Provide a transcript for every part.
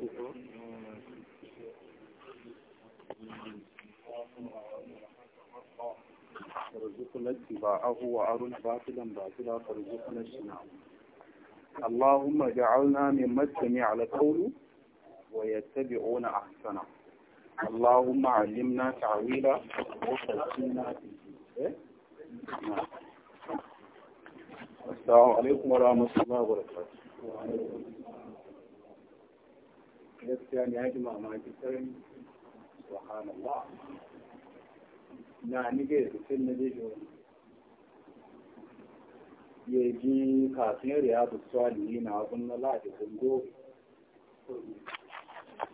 فارزقنا اتباعه وارنا باطلا باطلا فارزقنا اجتنابه اللهم اجعلنا ممن سمع القول ويتبعون احسنه اللهم علمنا تعويلا وفقنا فيه السلام عليكم ورحمه الله وبركاته يبكي أن يجمع ما يكترم سبحان الله نعني كيف سنة ديجون يجي كاسين رياض السوالين أظن الله جسم جوه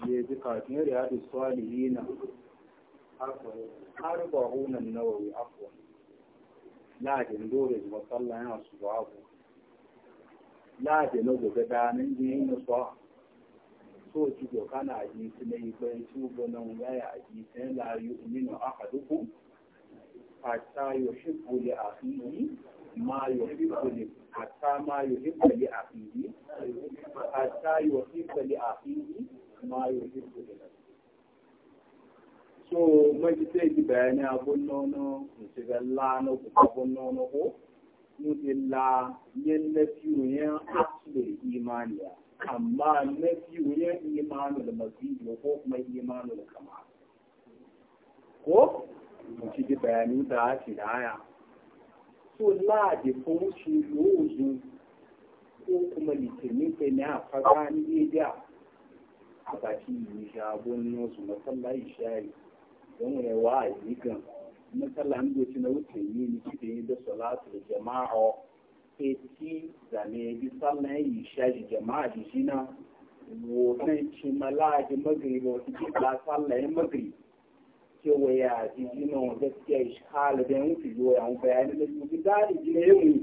يجي كاسين رياض السوالين أربع هون النووي أقوى لكن دور إذا صلى يا صباح لكن نقول بدأ من جهين صباح tó o ti gbọ̀ kánà àyè sílẹ̀ ìgbẹ́ tí ó gbọ́nà ń yáyà àyè sẹ́ńlá nínú àkàdúkù àtà yòṣìpò lè àfihì máa yòṣìpò lè àtà máa yòṣìpò lè àfihì àtà yòṣìpò lè àfihì máa ma lè àfihì. so majitaji bayani abun nono shiga la na abun nono ko mutu la na fiye yan asibir imaniya amma na biyu ya imanu da mazidu ko kuma imanu da kama ko mu ci da da ake da haya so la da furuci lozu ko kuma litinin kai na faga ni da a baki yi shagon nosu masallaci shari don rewa a yi gan masallaci na wuce yi ni kiɗe da salatu da jama'a eti zane bi sallan yi shaji jama'a di shina wotan ci malaji magri ba ci ba sallan yi magri ke waya di shina wanda suke shi da wuce yi waya wani bayani da su bi dadi jina mu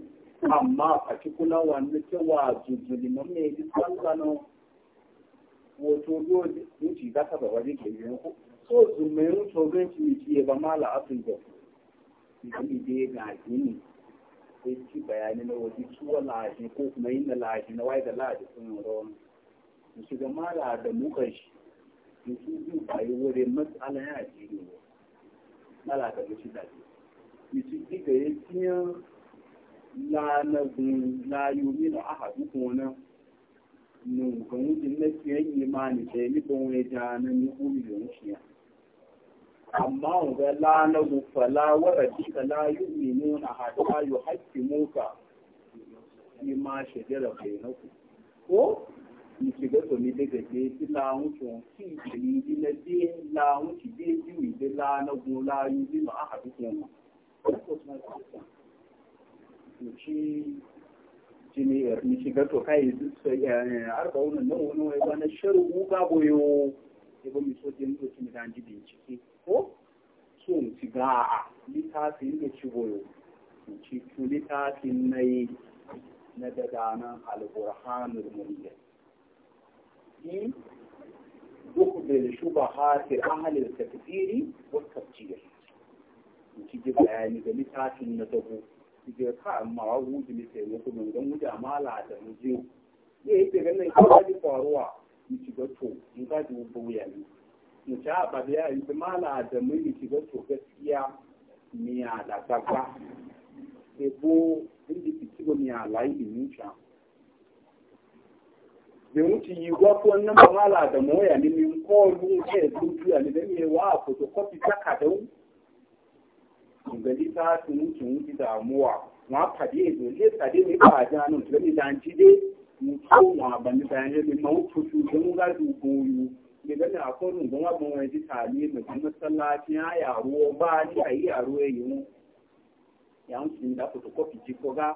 amma particular wanda ke wa jujjuli na mai bi sallan wato yau wuce za ka ke yi ko so zumai wuce ci ne ci ya ba mala afirka. Ibi da ga gaji ne. akwai ci bayani na waje tuwa lahashi ko kuma yin da lahashi na waye da lahashi sun yi rawan su ga mara da mukan shi su su biyu bayi wurin matsala ya ji ne ba mala da mushi da ji in su ji ga ya tiya la na gun la yumi na aha duk wani nun kan wujin na tiyan imani sai ni ban wani ja na ni kuri da wuciya amma ga la na fala wa rabbika la yu'minuna hatta yuhaqqimuka yi ma shajara bainakum ko ni ga to ni daga je ti la hun to ki ni di na de la hun ti de ji wi de la na gun la yu bi ma ahadu ko ni ci jini ni ga to kai eh, arba wannan nan wani wai ba na sharu ga boyo ibn ni to ci mi dan ji bincike ko sun ci a litafin da ci goyo sun ci na yi na daga nan alburhanul muliyar in duk da shubahatir ahalin tafsiri ko tafsir sun ci bayani da littafin na dago da ka amma wa gudu ne sai mutum don wuce amala da muje ne yake ganin ko da faruwa mu ci to in ka ji wuya ne mu ta ba da yayi da mala da mun shiga to gaskiya ala e bo inda ala yi mun yi ko nan mala da moya ni min ko lu ke sun tuya ni yi wa ta tun tun pàdé èdè ilé ìpàdé ní pàdé àánú tó ní ìdájídé ní tó wọn àbàmì bàyàn máa ń tuntun tó ń gájú ogun oyu da gani a kwarin don abin wani ji tali mutum masallaci ya yaro ba ni a yi yaro ya yi ya n sun da kuta kofi ji ko ga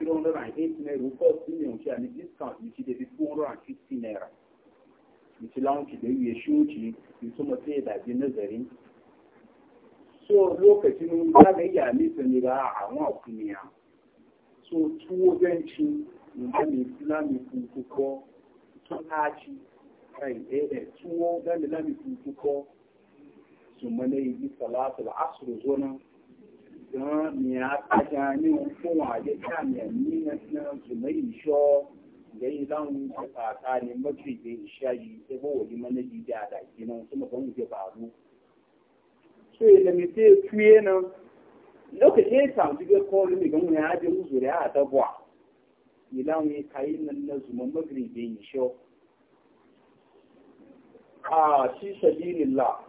308 naira ko sun yi wuce a ni discount ni ci da 250 naira ni ci ki da yi ya shi wuce ni su mutu ya daji nazarin so lokacin ba ga iya nisa ne ba a wọn kuniya so tuwo zanci nǹkan islamic kuko tun haci kan ɗaya tí wọ́n dálé láti fi kúkọ́ sùnmọ́ ní ibi sàlátù àṣùrù zọ́nà gan ni a tajà ní fún àdé káàmì ẹ̀mí náà sùnmọ́ ìṣọ́ lẹ́yìn láwọn kàkà ní mọ́tìrìdé ìṣá yìí ṣe bó wò ní wani mana yi da da náà sọ́mọ́ kan ń jẹ bàálù. so ìlẹ̀mí tí ó tú yé náà lókèké ìsàmùtí gbé kọ́ lómi gan ni a jẹ́ òzòrè àdọ́bọ̀ ìlànà ìkàyé náà sùnmọ́ mọ́tìrìdé ìṣọ́ a fi sabilillah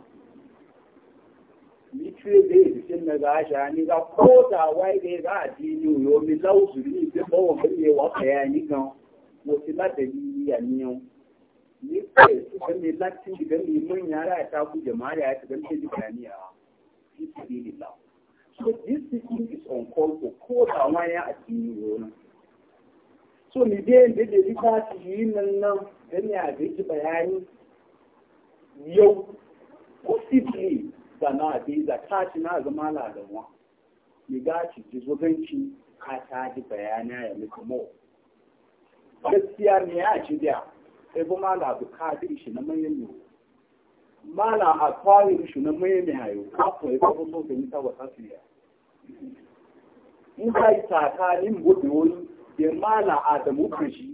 ni ce zai jikin na za a ni ga kota wai dai ga ji ni yo mi lausu ni ce ba wa kai wa kaya ni kan mo ti ba da ni ya ni yo ni ce su kan ne lati ga ni mun ya ra ta ku jama'a ya ta ga ni ji bayani ya fi sabilillah so this thing is on call for kota wai ya a ji ni yo so ni dai da da ta ji nan nan dan ya ji bayani yau sifili da na bi da tashi na zama ladanwa mi gaci ji zuganci ka ta ji bayana ya miki mo gaskiya ne ya ci da sai bu ma labu ka ji shi na yau ma na a kwari shi na manyan ne hayo ka ko ya ko so da ni ta wata ya in kai ta ka gudu wani da ma na adamu kashi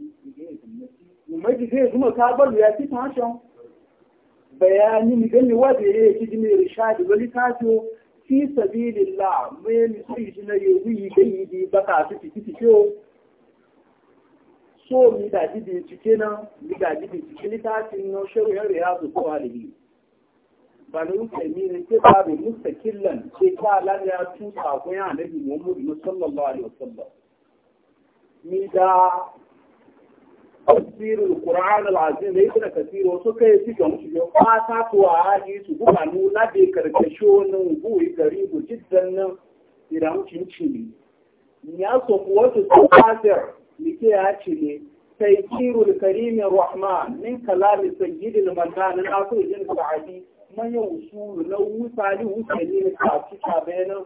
mu mai zai zuma ka bar ya fi tashin bayanin gani wadda ya yi cikin rishadi wani tafiyo fi sabilillah mai misali shi na yi gani di baka su fiti fito so mi da ji bincike na mi da ji bincike littafin na shari'ar ya su kowa da yi ba na wuce mi ne ke ba da mustakillan ke ta lalata ya tuta kun yana nabi muhammadu sallallahu alaihi wasallam mi da tafsirul Qur'an al-Azim da ibn Kathir kai suka musu ya fata to a haji su buka nu na be karkasho nan buyi garibu jiddan nan idan cin ya so wasu tafsir nike ya ce ne taykirul karim rahman min kalam sayyid al-mannan al-akhir jin sa'adi man yusulu na wusali wusali ne ci bayanan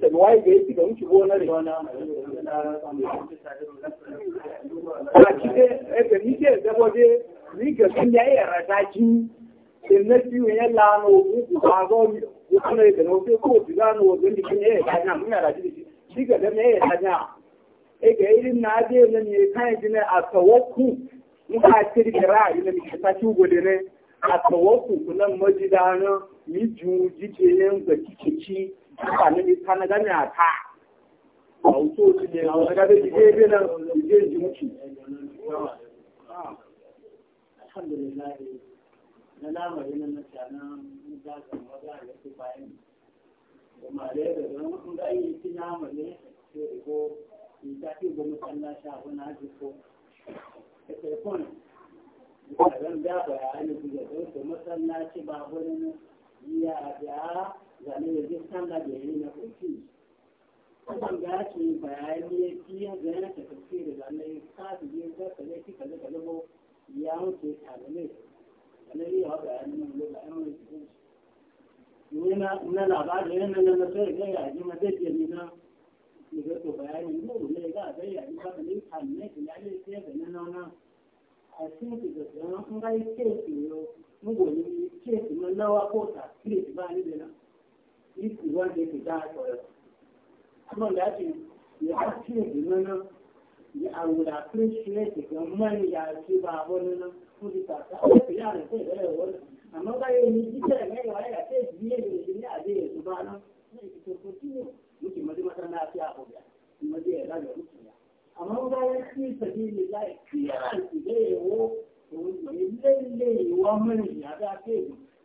sabi waye ga yake da wuce gona a cikin eh, da waje ni ga sun rataki in na biyu lano uku ba zo ya ko kin shi ga e ga irin na je na ne a tawakku muka kirkira ina mi ta ci gode ne a tawakku kullum majidanan mi ju jike ga nípa níbi kánágámì àtà àwùjọ òsì ní Alhamdulillah, na lamari na mutanen da bayan da yi ci namu ne sai ko in ta fi gumi sha ji ko masallaci ba wurin ya zane da duk sallah da yayi na uku kusan gashi bayani ya fiye da yana ta tafsiri da annai kasu je ka kaje ki kaje kaje ya wuce ta zane ne ya ba bayani ne da annai ne na na labarin yana na na sai ga ya ji ma zai je ni na ni ga to bayani ne ne ga sai ya ji ka ne kan ne ya ne sai ga na na na a cikin da ga an ga ke ki yo mu go ni ke ki na wa ko ta ki ba ni da na if you want them to die for Come on, that is, you have children, you know, I would appreciate if your money I give our own, put it aside. I would say, yeah, I say, hey, what? I'm not going to need it, I'm not going to say, be able to do that, be able to do that. It's a continue. You can make it a happy hour. You must be a lot of it. Among our kids, the deal is like, clearance, they will, they will, they will, they will, they will, they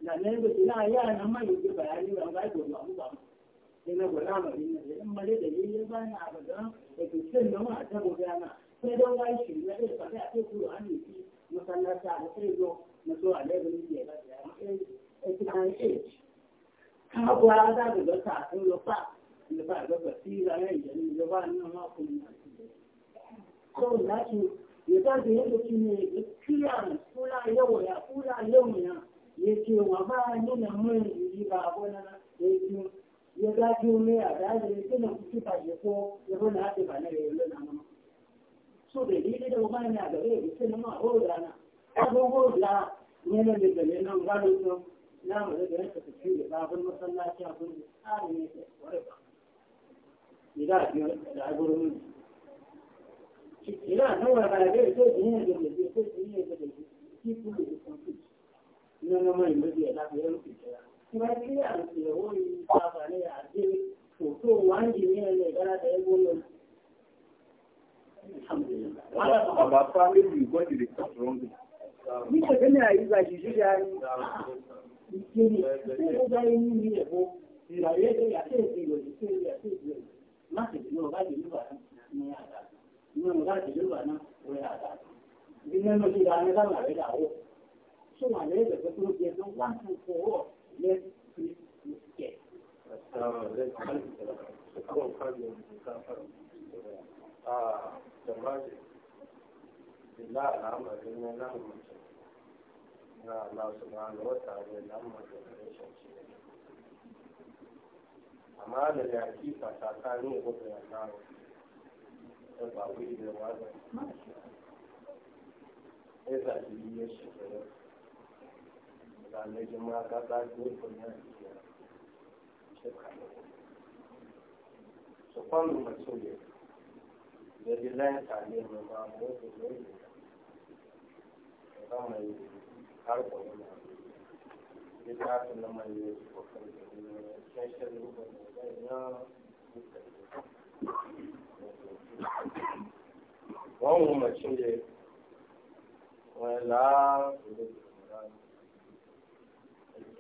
na nan ba na yaran man yake bayani ba ga to ba ba sai na gura ma din ne in mare da yayi ba na abadan da ke cin da ma ta gura na sai shi na da ba sai ku an yi shi masallata da sai zo na so a da ni ke ba ya ai ki kan ce ka gura da da ta sun lo fa da ba da ba shi da ne yin da ba ma kun na ko na ki ya da yake ne kiyar kula yau ya kula yau ne ya ce wa ba ni na mun yi ba abona ya yi ya ga jome a da ya ce na ba ya ko ya bana haɗe ba na yayin lana so da ni da ba ni a ya ce na ma horo da na abin horo da ne na da gane nan gano to na mu da gane ka ci da babun masallaci a kun tsari ne ke ware ba ni da biyo da ila nawa ba da ya ce ni ne da ke ce ni ne da ke ci ce da kuma na zama yin mafi yana da yaro ke kira kuma ke a ke wani kafa ne a ce hoto wani ne ne gara da ya gole Baba family you got it wrong. Ni ka gani a yi 送完那个东西是万不可或，也也也。啊，怎么的？那那么的那那么的，那那什么罗大的那么的很神奇的。amma da yaki fasaka ne ko da yaka da ba wuri da wani. Eza shi ya shi da على جماعة قاعد يقولنا سبحان المسؤولية الذي لا يتعلم مع موت الليل كما يحرق ولا بدعة لما يفكر كيشر ربما وهم مسؤولية ولا يدرك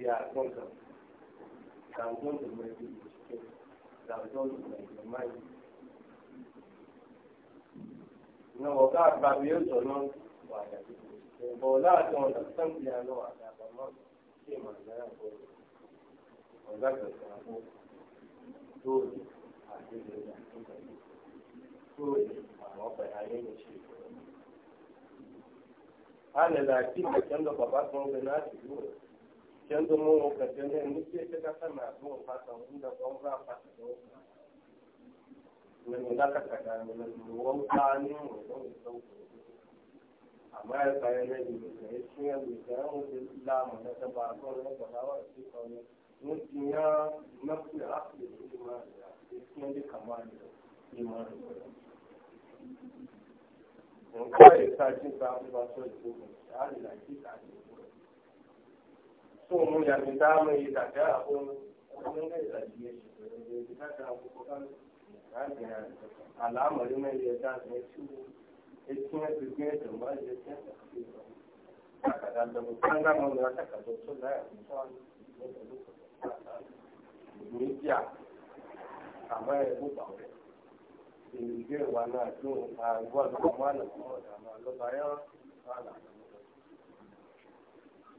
we are going to, they are going to make it escape. They are going to make the mind. Now, what God brought me into known why I did this. But now I don't understand the I know I have a month. Came and then I go. And that's the example. Slowly, I did it. Slowly, I'm up and I ain't achieved. Hallelujah, I think I can look up Siendo muy ocasiones, en muchas veces hasta me asumo, pasa una compra, pasa otra. Me mandaka sacar, me mandó un año, me mandó un poco. Amma ya kayan nan ne da ya shi yan da ya mutu la mu na ta ba ko na ta ba wa shi ko ne mun ya na ku ya afi da ma da shi yan da kamar da shi ma da ko kai sa cin sa ba so shi ko na ta so mu ya mi ta mai da ta abun mun ga da shi ne ta ta ko kan al'amari mai ya ta ne shi e tinha primeiro mais de 100 Anga mun da ta kazo so da ya Media amma ya buɗa Ingirwa na tun a gwada kuma da kuma da ma lo bayan ala.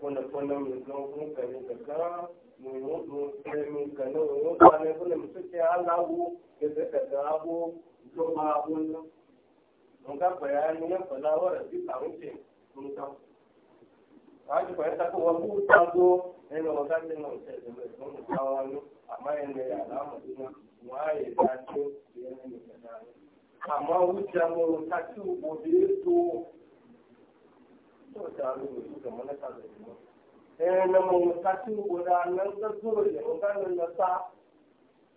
kuna kuna mzungu kani kaka mungu kani kano kani kuna msuke alabu kese kadabu zoma abunna nga bayani na falawar bi tawuce mun ta kaji ko ta ko wabu ta go ne no ga ne no ce ne ko mun ta wani amma ne alama dina waye ta ce ne ne kana amma wuce mu ta ci gobe to na mawukaci gudanar da zuwa da gudanar da sa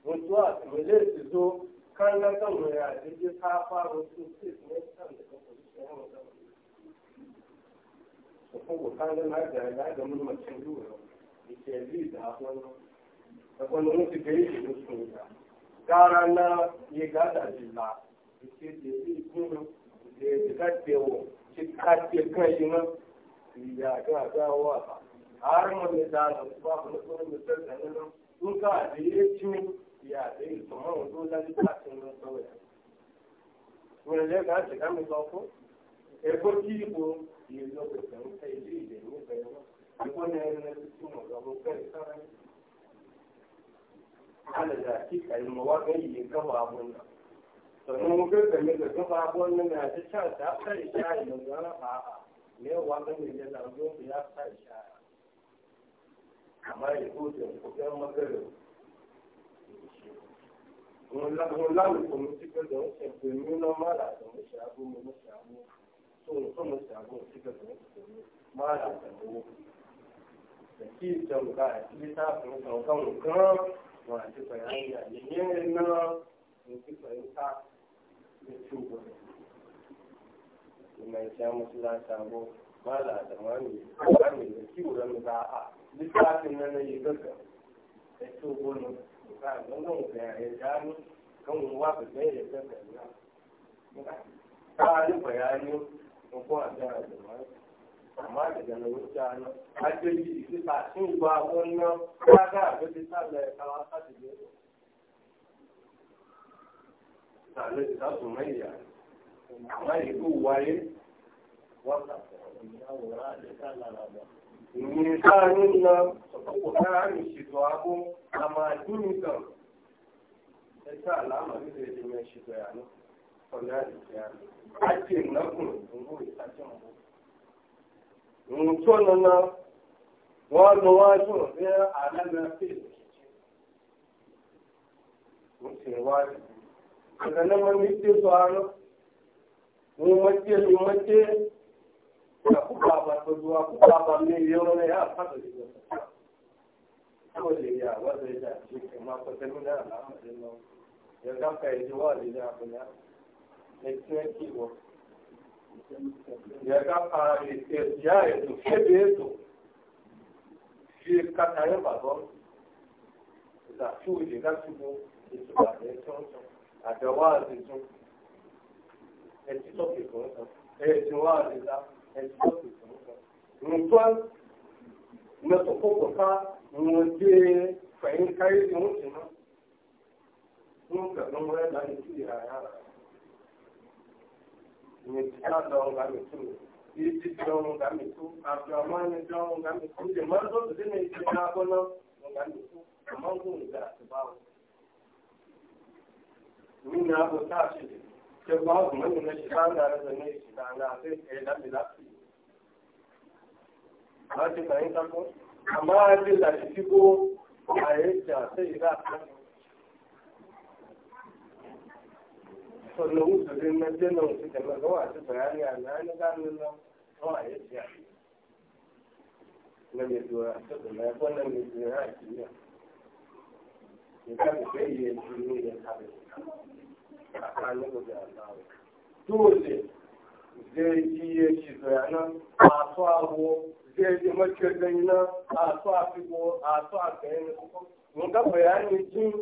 mutuwa mai zai zo kan na kan mai a jirgin ta faru su ce ne kan da kan kusurci ya mutu da kuma kanin na da ya da mun macin ruwa da ke bi da wani da wani mutu da yake da su da gara na ya gada jilla da ke da ya yi kuma da ya gada yawo cikakke kai nan ya ga dawowa har mun da da ka ya da yi kuma wato da ta sanin sauya mun da ga shi kan ko ko e ko ki ko yi zo da kan sai ji sannan mugar da mai da zuba wannan na ta shan ta afta isha'i da zana fa'a ne wa kan da yana zo ku ya fita isha'i amma ya ko da kuɗin magarin wọn láwọn kò ní síbẹ̀ lọ ń ṣẹ̀gbẹ̀ mí lọ́mọ́ àtọ̀ mo ṣàbò mo mo ṣàbò tó mo ṣàbò síbẹ̀ lọ ń ṣẹ̀gbẹ̀ máa là tẹ̀wọ́. Ẹ̀kí ìjọba àti pẹ̀lú àyè mai sha musu za samu mala da mami mami da kiwo da mu a littafin nan na yi gaga ya ce gonu ka don gan ka ya gano kan wa ka ga ya gaga na ta yi bayani ko ko a jara da mami amma daga na wuce ana hajjoji su ta sun ba wannan ta ga abin da ta da ya kawo tàbí ìdáàbò mẹ́yà láì kó wáyé wákàtí ìyìn sáàánú lọ ọ̀pọ̀ káàmì ṣètò ààbò na máa dún nìkan ẹ̀ka àlámà nílé ìdíwọ̀n ndị ìyànú ọ̀nà àdìsíyà láti ìnákùn ìdúró ìtajà ọ̀hún. nǹkan nana wọ́n lọ wájú ọ̀fẹ́ àlágbá fèlè kìkì wọ́n ti wájú. àgbẹ̀nà máa ń ní tí sọ àánú ní mọ́tí ní mọ́tí àkókò àbàtọ̀dù àkókò àbàmì ìyẹ́wọ́n ní àpàtọ̀ ìjọ kó lè yà wọ́dọ̀ ìjà àti ìkẹ̀mọ́ akọ́tẹ́mú náà láàmúlẹ́ lọ yọ̀gá ka ìdí wà lílẹ̀ àbúyá ẹtí ẹ kì wọ́ yọ̀gá ka ìyá ètò kébé ètò fi kàtàyé bàbọ́ ìgbà tí òye gá túbọ̀ ètò àbẹ̀ tó ń sọ. àjọwọ́ àtijọ́ ẹtí tọ́kì fún kan ẹtí wọ́n àtijọ́ ẹtí tọ́kì fún kan. nǹkan mẹ́tọ́kọ́kọ́ ká dé fẹ̀yìn káyé ni wọ́n náà. wọ́n kẹ̀kọ́ wọn ẹ̀ láyé sí ìhà yàrá. Nyetila dɔn nga mi tu, yiti dɔn nga mi tu, abdulhamani dɔn nga mi tu, jɛmɛ dɔ ti ne ti na bɔ na nga mi tu, a man k'o nga ti ba min na abu ta ce ke ba mun ne shi ta da da ne shi na sai ke da ba ce ta ko amma ce da shi ko a yi ta sai da ta na jinnan su da bayani a na ni ganin nan a yi ta na mai dora ta na kwanan mai dora a Ya yi ne dole zai ji ya ci zayanan a su abu zai ji makiyar gani na a su a a su a kayan mun ga bayanin jin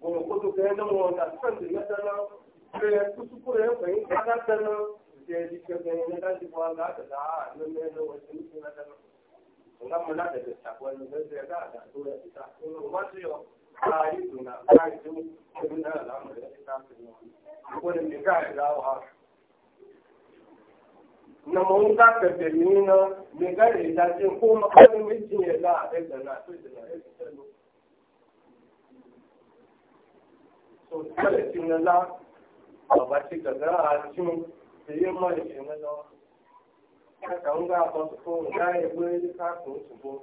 wani kudu kayan nan wanda san da yadda nan sai kusa kura ya bayin kada da nan zai ji ka gani na daji ba za ka da a nan ne na wajen su na da nan mun ga na da ta wani zai ga da dole ta kuma wasu yau قائدنا na mun ka tabbani na me ga da ta ko makarin mijin ya za a da na su da so kada cin na za a ba ci za a cin da yin mai shi na ka ko ya gwe ka ko su ko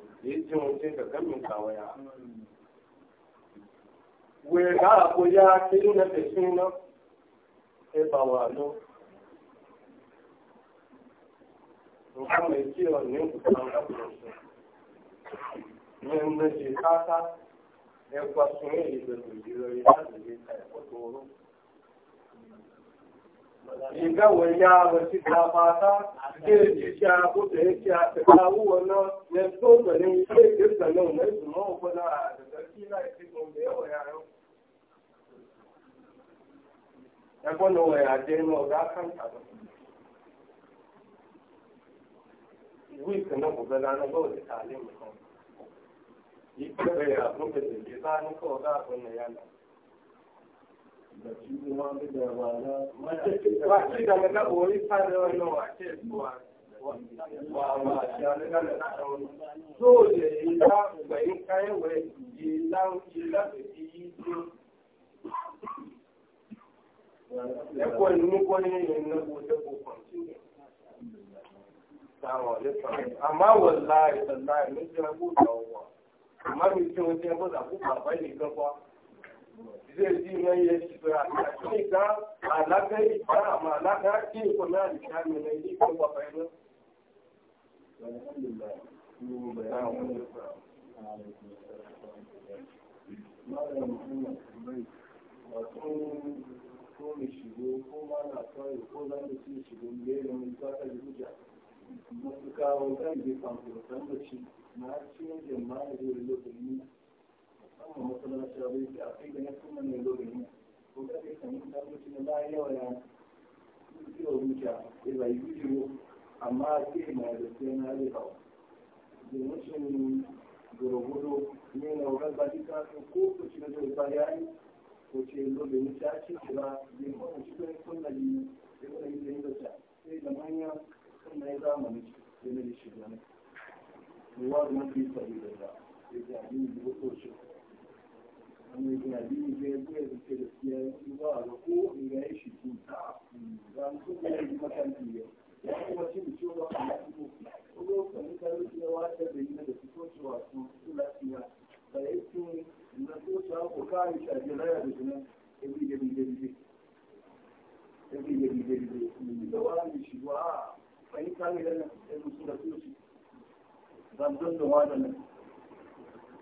yíjọ́jẹ́ gàgámi kàwẹ́yà. Wèé gá àkóyá kínú na tẹ̀sí ná, ẹ bà wà lọ. Nǹkan mẹ̀ tí ọ̀ ní òkúta ọ̀gbọ̀n sọ. Mẹ́rin mẹ́jì káàkà, ẹ gbà sún èyí bẹ̀rù ìdílé láti lè ta ẹ̀kọ́ ya rọ́. shiga wanya wasu mata zai ji ya ci a tsaka wani ya so gani zai girka nan mai su mawa kuna a na isi ya ya ya Dole ila bai wọ̀ láì láì ní jẹ́ ẹgbẹ́ òdà ọ̀wọ̀. mi jẹ́ ẹgbẹ́ òdà fún bàbá ìlú kan zai ji mai ya ci ba a ce ga alaƙai ba a malaka ce ko na da shami na yi ko ba fa yana ko ne shigo ko ma na kawai ko za ta ci shigo ne da mun ta ta rubuta masu kawo kan je kamfurutan da shi na cikin da amma sai da sai na zai kawo domin shi gurgudu ne na wurin ba duka su ko ku na zai yi ni ta yi da ta sai manya kunna ya zamani ci sai na yi da ta yi da mai gadi ne ya zuwa da ke da siyar zuwa ko in ya yi shi cuta ga su ne yi makanti ya ya kuma cin ciwo a lafiya kuma kan ka rufe wata da yi da fito ci wasu su lafiya da ya ci na so ta ko kare shi a jiraya da jina ebi da bide bide ebi da bide bide da wani shi wa fahimta ne da na ebi su da su shi zan zan da wani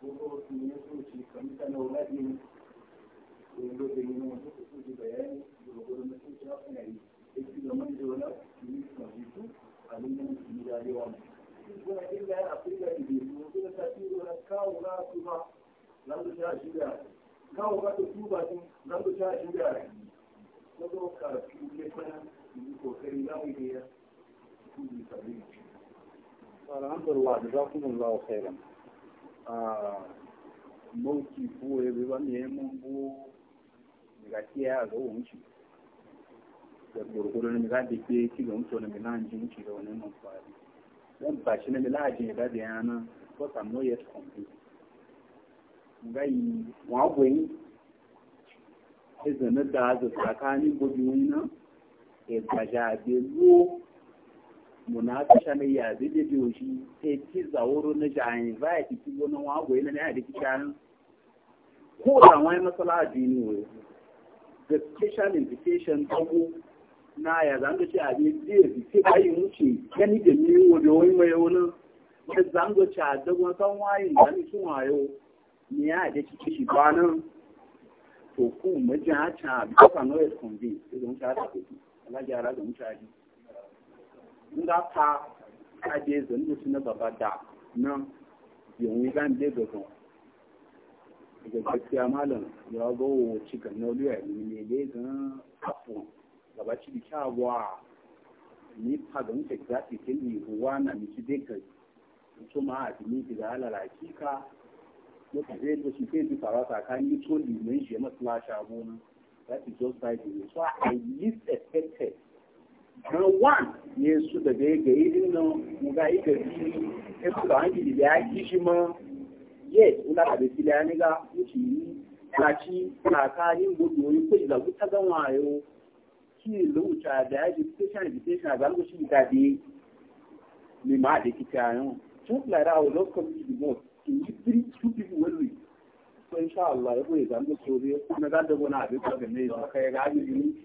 kawo ka ta tuba din zan ta shi da rai ko zo karatu ne fana yi kokari za mu yi da ya tuba alhamdulillah jazakumullahu khairan mauti kuwe bibamyemo ngo hagati yazo umuki gorgoro ki jin e da da yana ko tam no wa tsakanin gobi wani munakasha na ya zai da biyo shi sai ki zaworo na jayin za a kiki wani ne a da kishan ko da wani matsala a dini ne the special invitation tabo na ya zanga ce a bai zai biki yi wuce gani da ni wani wani mai wani da zanga a dagon san wayin da ni sun wayo ni ya da kiki shi to ku majin hacin a bisa noise convince idan ta ta kuɗi ala gyara da mutane nga pa kade zo ndu suna baba da na yin gan de go go ga ti amalan ya go ci kan no liya ni ne de ga afu baba ci bi kyawa ni pa don ga ti exactly ke ni huwa na ni ci de ka to ma a ni ti ga ala la ki ka ne ti de da su ke bi fara ni to men je ma masu lashe abu na that is just like it so i least expected wan ne su daga ya gayi din nan mu ga ita bi Ya su da hanji da ya ki shi ma yes una da bi ya ne ga muci ni na ci na ka yin gudu ni ko da ku ta wayo ki lucha da ya ji station invitation ga ku shi da bi ni ma da ki ta yo tun la ra o lo ko bi mo ki ji tri su bi wani ko insha Allah ya ko ya ga mu so bi na ga da bona abin da ne ya ga ji yi.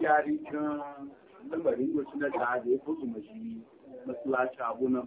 jari kan lambarin da suna da ya fi su mashi masalaci abu nan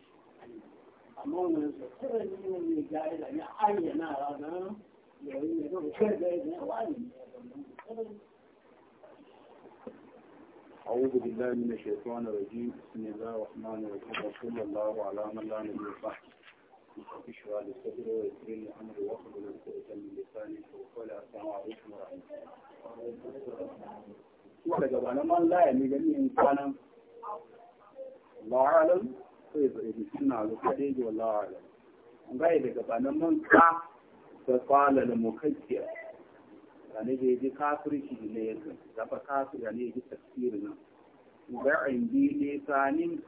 amma wani sassarar ne mai gari da ya ayyana rana yayin da zai kai da ya wani أعوذ بالله من الشيطان الرجيم بسم الله الرحمن الرحيم وصلى الله على من لا نبي بعد اشرح لي صدري ويسر لي أمري واحلل عقدة من لساني وقال السلام عليكم ورحمة الله وبركاته. وعلى جبال من لا يعني جميع إنسانا الله أعلم sai zai suna ga kaɗe ji wallahu alam an gaya daga banan man ka da kwala da mukakkiya yana da yaji kafirci ne ya zai zafa kafir yana yaji tafsiri nan ubarin bi lisanin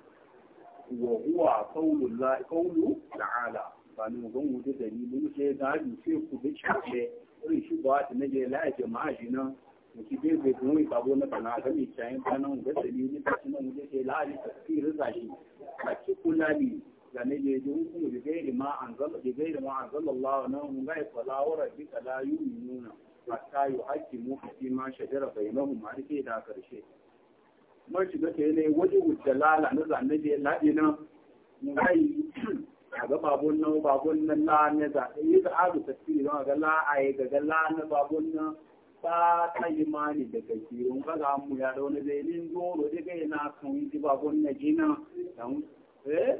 wa huwa qawlu ta'ala ba ni gon wuce dalilin sai da ni sai ku bi kace irin shi ba da nake la jama'a shi nan mutum bai bai kuma yi babo na bana ga mai cayin kwanan ga dalilin da shi wuce sai la ji tafsiri za shi الغلال يعني يجدونكم بغير ما أنزل بغير ما أنزل الله وأنهم لا فلا وربك لا يؤمنون حتى يحكموا فيما شجر بينهم على كده ما shiga ta yanayi waje wujjalala na zanne da ya laɗi na ngai a ga babun nan babun nan la ne za a yi za'adu tafsiri don ga la a yi ga la na babun nan ba ta yi mani da gajerun ga mu ya da wani zai daga kan yi babun na jina eh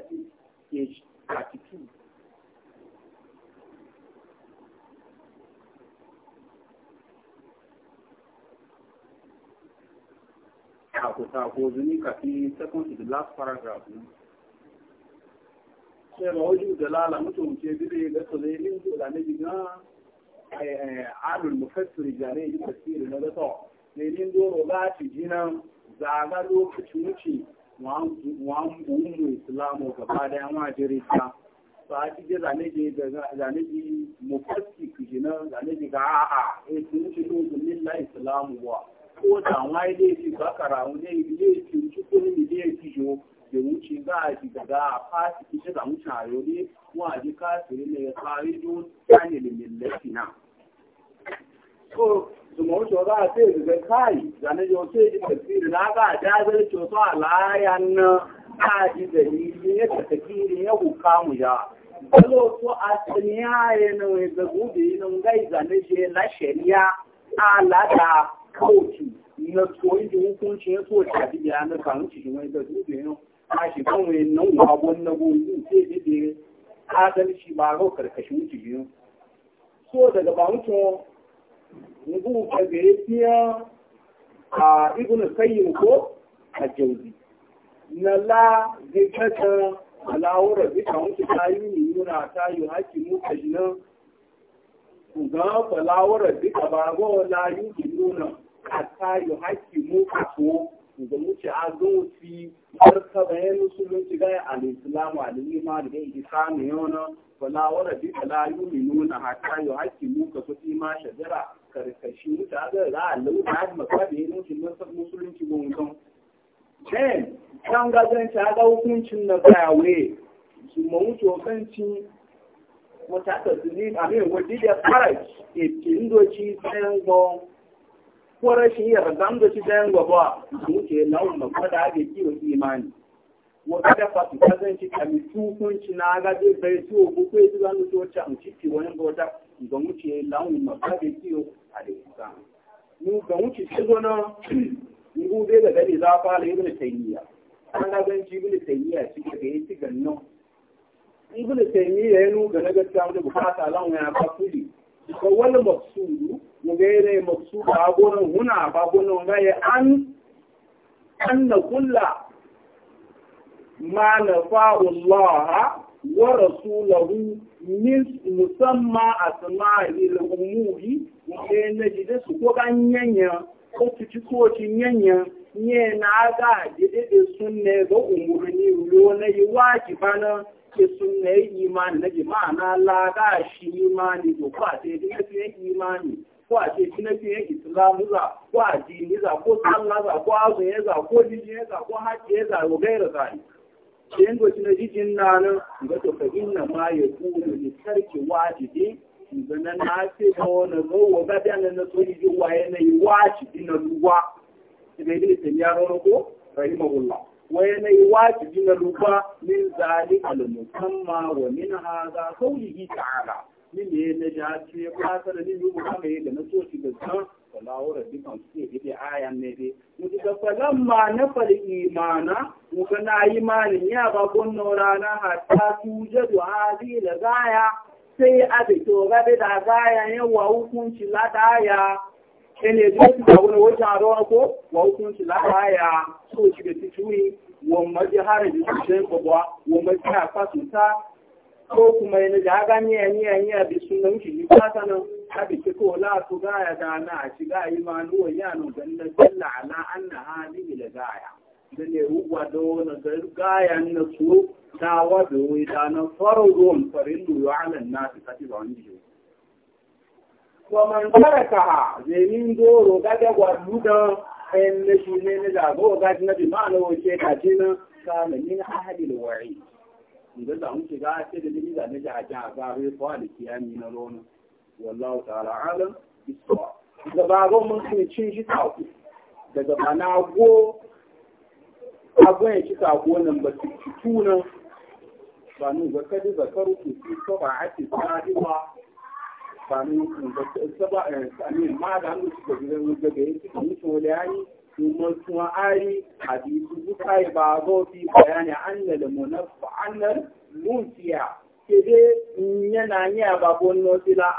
page 32 àkótàkóòdù ní kàfí second to the last paragraph ní ṣẹ̀rọ ojú dalala mutum ce bire ga tsole yin dola na jiga alul mufassir jare yi tafsiri na gato ne yin doro ba ci jinan zaga lokacin wuce wọ́n mú ìsìlámù gaba da yan wajere ta ba a cikin zaneji mafarki kujina zaneji ga a'a a eh, sun ci dogon nila islamu wa ko da wa yi laifi ba karamu ne laifi cikin laifi jo da wuce ga a ji daga a fasi kishi da mutane ne wa ji kasiri ne ya kari don tsanilin lallafi na. su mawuce za a sai zuga kai da na yau sai ji tafsiri na ga jazar coto a layan na kaji da yi ya tafsiri ya huka mu ya Kalo to a tsaniya ya na wai ga gobe yi nan gai zane shi na shari'a a lada kauci na tsoyi da hukunci ya so ta bi ya na kanu cikin wani da gobe yau a shi kan wai nan wabon na gobe sai ji da adalci ba rau karkashin cikin so daga ba nubu ka gare tiya a na sayin ko a jawzi na la zai kaka alawura zika ka wuce tayi ne yi tayi haki mu kajina ga falawura zai ka ba go la yi nuna ka tayi haki mu so. da muke a zo fi barka bayan musulunci ga al-islamu al-iman da samu yana wala wala bi la yau, hatta yuhaqqimu muka fi ma shajara karkashi muta ga za a da makabe ne shi musulunci musulun kan then kan ga zan ta ga hukuncin na bayawe su wuce hukuncin wata tasiri a mai wajen da faraj ke indoci sayan gon ko rashin yardan da shi dayan gaba su ke lawan babba da ake kiwo imani wata da fasu kasance kami tukunci na gaje bai tuwo buku ya tuwa nuto wacce an ciki wani bauta ga wuce lawan babba da kiwo a da kusa mu ga wuce shi gona mu bai ga gari za fara yi mana tayyiya an ga gan ji mana tayyiya shi ga yi tigan nan ibnu tayyiya ya nuga na gaskiya wani bukata lawan ya ba kuli ko wani maksudu mu ga yana maksudu a gonan huna ba gonan ga an an na kulla ma na fa'ullaha wa rasulahu musamman musamma asma'i al-umuri mu ga yana jide su ko kan yanya ko tuci ko yanya nye na ga jide sun ne ga umurni ruwa na yi na ke sun na yi imani na ma'ana laga shi imani to ko a ce na fiye imani ko a ce na fiye islamu za ko a jini za ko sallah za ko azun za ko jijin za ko hajji za ko gaira za yi shi yin doki na jijin na nan ga to ka inna ma ya kuma ne sarki wajibi zana na ce da wani zuwa ga bayanan na soji jiwa yanayi wajibi na duwa. Ibe ne sai ya rarrako rahimahullah. wa yanayi wajibi na ruba min zali al-mukamma wa min hadha qawlihi ta'ala min ne na ja ce ba ta da ni ruba ga yadda na so shi gaskiya wallahu rabbi kan su ke gidi ayan ne dai mu ji na fal imana mu ga na imani ya ba gonno rana hatta su je du'a zi la sai a da to ga da gaya yawa hukunci la daya ene dai ta wani wajen ko wakun su lahaya so shi da tituri wa maji harin da su shi babuwa wa maji na fasu ta ko kuma yana da haga niya niya niya bi sunan shi yi fata nan ta bi ce ko la su gaya da na a shiga yi ma nuwa ya nu ganna jalla ala an na hali da gaya da ne ruwa da wani ga gaya na su ta wadda wani da na faro ruwan farin duwa alan na su kati ba wani wa man taraka ha zai min doro gaga gwa ɗayan na shi ne na zago ga shi na bi ma'ana wace ka ce na kana min ahadil wa'i idan da muke ga ce da jini da nake a can a kare fa da kiyami na rona wallahu ta'ala alam biswa da ba ga mun ce cin shi ta ku daga bana go abun ya ci ta go nan ba ci tuna ba nu ga kadi zakaru ku ci ko ba a ci ba kanun saba sani ma da hannu su da gidan da ya ci mutum wani yayi kuma kuma ari hadisi duka ba go fi bayani annal munaffa annal munsiya ke de yana ni aba go da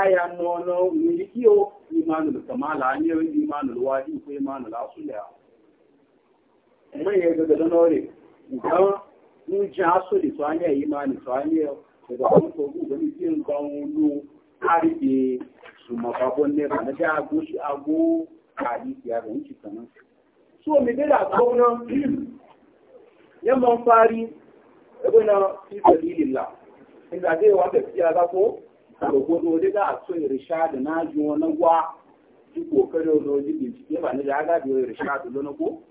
aya no no ni kiyo imanul kamala ni imanul wadi ko imanul asula mai ya da nore idan mun ji asuli to an yi imani to an yi shugabanku domin jin gano su mafafon ne ba na ya ga wuce kanan so mi dala kauna yamman fari ibina fi dalilillah inda zai wa gaskiya za ko rogodo da za a so irisha da na ji wani gwa ji kokarin roji bincike ba na jaga biyo irisha da ko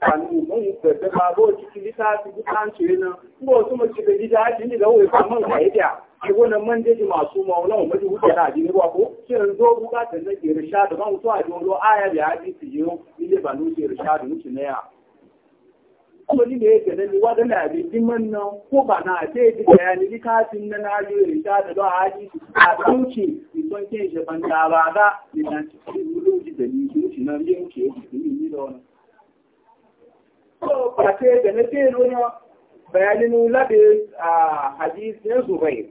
wani mai da ba go cikin litafi dukanci ne ko su mu ci da gida ji ne da wai kaman ka yi da ki wannan man da masu maula mu na ji da a ya ji yo ni da ya na bi din man nan ko ba na ce na na ji da a ji a dauki ki don ke je ban da ba ga ni so face da na ce nuna bayanin labe a hadisin zubai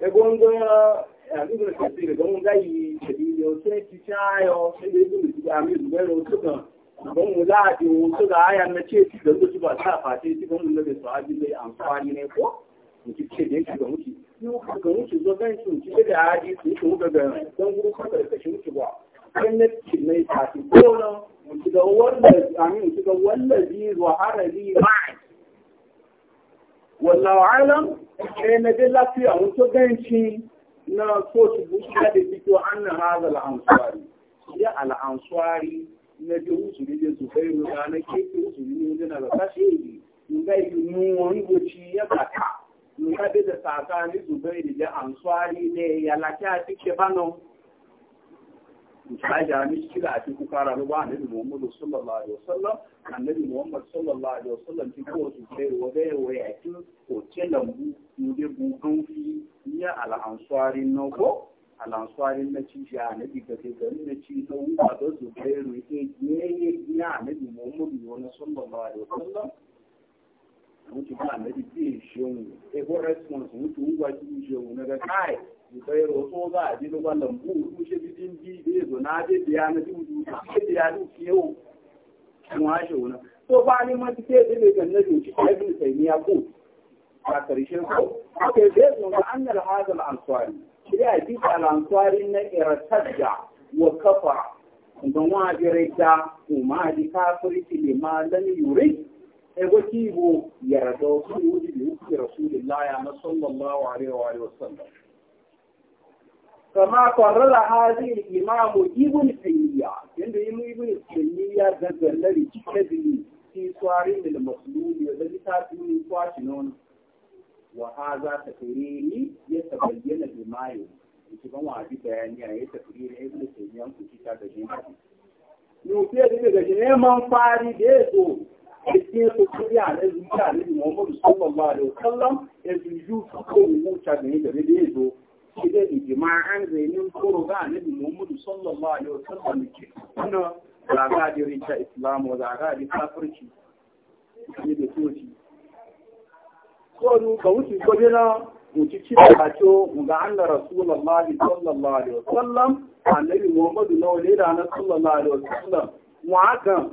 da gongo yanzu da gayi da sai sai da zubai mu a wasu da aya na ce ci zuci ba ci su haji amfani ne ko ce da ga muki yau ga muki zo gan su da haji su ga guru ka muki ba kan ci mai ko shiga wallazi amin shiga wallazi zuhara li ma'i wallahu alam sai eh, na ji lafiya wato ganci na so su busha da fito an na hazal ansari ya al ansari na ji usuri da zubairu da na ke ke usuri ne wajen da ta shi yi in ga yi mun goci ya kaka in ga da tsakanin zubairu da ansari ne ya lafiya take banon misali da a cikin kara ruwa annabi Muhammad sallallahu alaihi wasallam annabi Muhammad sallallahu alaihi wasallam ti ko su kai wa ga yawa ya ki ko ce lambu mu de bu kan fi ya al ansari no ko al ansari na ci ja annabi ga ke garin na ci to ba da su kai ru ke ne ya annabi Muhammad sallallahu alaihi wasallam mutu ba annabi ti shi mu e ko response mutu wa ti shi mu na ga kai bai roto za a ji ba lambu ku shi bidin bi da ya zona da biya na dudu da biya da kiyo kun washe wani to ba ni ma take da ne kan na jinci ta ibn taymiya ko a karshen ko aka da ya zona annal hadal ansari shi ya bi al ansari na irtajja wa kafara kuma wa jirita kuma di kafirci ne ma lam yuri ego kibo yarado su yi wuce da rasulullahi sallallahu alaihi wa sallam kama kwararra hazin imamu ibn tayyiya yanda yi ibn tayyiya da zallari cike biyu fi tsari da masuluni da littafi ne kwashi non wa haza ta ya tabayyana bi mayo yake ban wa bayani ya tafiri ibn tayyiya ku kita da jinna yau fiye da daga neman fari da ya so cikin su kuri a nan zuwa ne Muhammadu sallallahu alaihi wasallam ya zuju su ko wuce da ne da ya idan ijma'an zainin koro ga annabi Muhammadu sallallahu alaihi wasallam ke wannan zaga da rinta islamu zaga da kafirci ne da toci ko nu ga wuce ko dina mutu ci da to mu ga anna rasulullahi sallallahu alaihi wasallam annabi Muhammadu na wale da na sallallahu alaihi wasallam mu hakan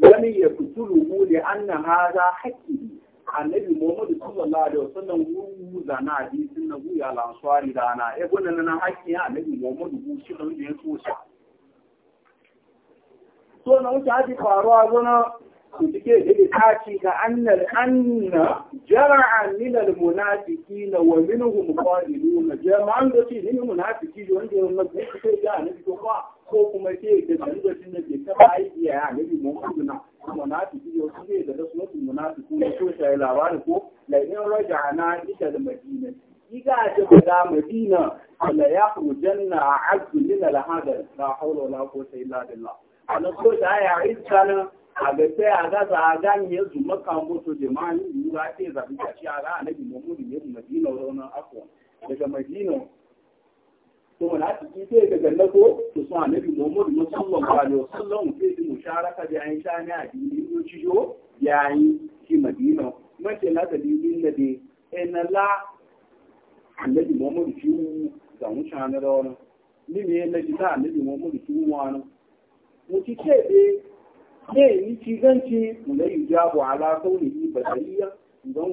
lam yakutulu li anna hadha haqqihi annabi Muhammadu sallallahu alaihi wasallam wu zana hadisin na wu ya da dana e eh, gwanan nan hakkin ya annabi Muhammadu wu shi don yin sosa so na wuce haji faruwa gona su cike da itaci ga annal anna jara'a min al munafiqin wa minhum qalilun jama'an da shi ne munafiki wanda ya mutu sai ya annabi ko ba ko kuma ke da zarubacin da ke taba aiki a annabi Muhammadu na munafiki yau su ne da rasulatul munafiku ne ko shi labarin ko la raja na, ita da madina iga ta guda madina la ya a'azzu min al na la hawla wala quwwata illa billah ana ko da ya isa nan a ga sai a ga za ga ne yanzu maka mutu jama'a ni ga ce zabi ta ci a ga annabi Muhammadu ne madina na afwan daga madina to munafiki sai ga ganna ko to sun annabi Muhammad sallallahu alaihi wasallam sai da musharaka da an sha ne a dinin ciyo yayi shi Madina mace la da dinin da eh, la annabi shi da mun sha ne rawan ni me ne ji da annabi Muhammad shi wani mu ci ce eh ne ni ci ala ibadiyya don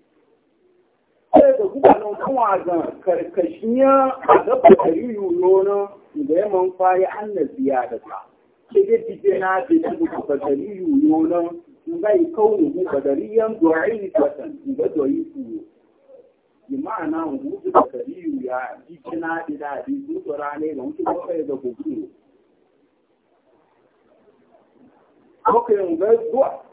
sai da gudanar kuma ga karkashiya a gaba da yiwu na da ya manfa ya an na biya da ta. Sai da fice na fi da gudanar da yiwu na in ga yi kawo gudariyan doyi fatan in ga doyi yi Bi ma'ana hudu da kariyu ya fice na fi da bi zuwa rane ga wuce bakwai da gudu. Bakwai ga zuwa,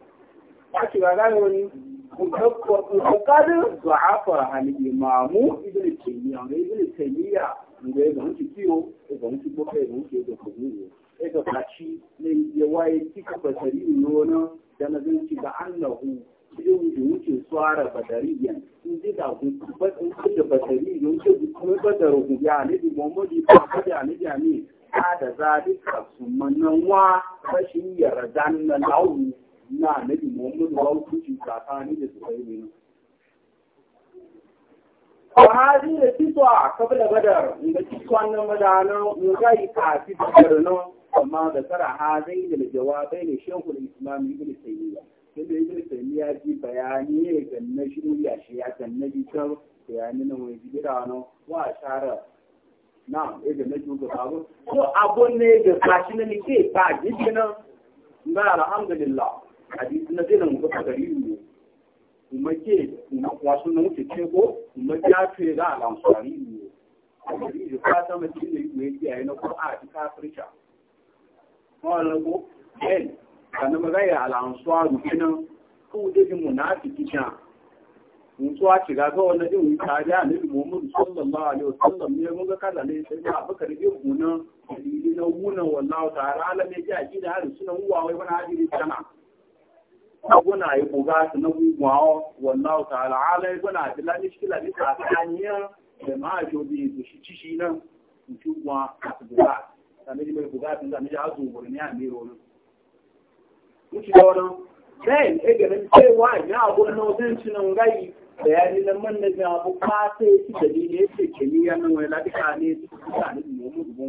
ba ki ga gane وقد ضعفها عن الإمام a تيمية ابن تيمية ngo ega mu kiyo ega mu kiboka ega mu kiyo ko mu ega kachi ne yawaye kika basari nona dana zan ci ga annahu idan da wuce tsara badariyan in ji da kun da basari don ce kuma badar ku ya ne di muhammadi ba ka da ne ya ne ka da zalika sumanan wa rashin yarda na lawu na annabi muhammadu wautuci tsakani da su kai ne Wahari da kitwa kabla badar da kitwan na madana mugai kafi barno amma da tara hazai da jawabai ne shekul islam ibn taymiya sai ibn taymiya ji bayani ne ga na shiru ya shi ya kan nabi bayani ne wani gida no wa shara eh, na e na nabi ga babu ko abun ne ga kashi ne ke ba gidan ba alhamdulillah hadisi na zai nan kuka gari ne kuma ke wasu na wuce ce ko kuma ya ce za a lamsari ne a gari da ka sama shi ne mai kiyaye na ko a ci kafirca mawala ko ɗan kana magaya a lamsari kenan ko da jin munafiki can mutuwa ci ga ga wannan din wuta da annabi Muhammad sallallahu alaihi wasallam ne mun ga kaza ne sai da Abubakar bin Guna dalilin na Guna wallahi ta'ala ne ji da har sunan uwa wai wani hadiri sana agwana yi buga su na gugwawo wallahu ta'ala ala gwana da la ta da ma shi nan buga mai buga ya zo ya da wani ga nan cewa ya abun nan zan ci nan gai bayani nan ya ni ne ce ke ni yan nan ne su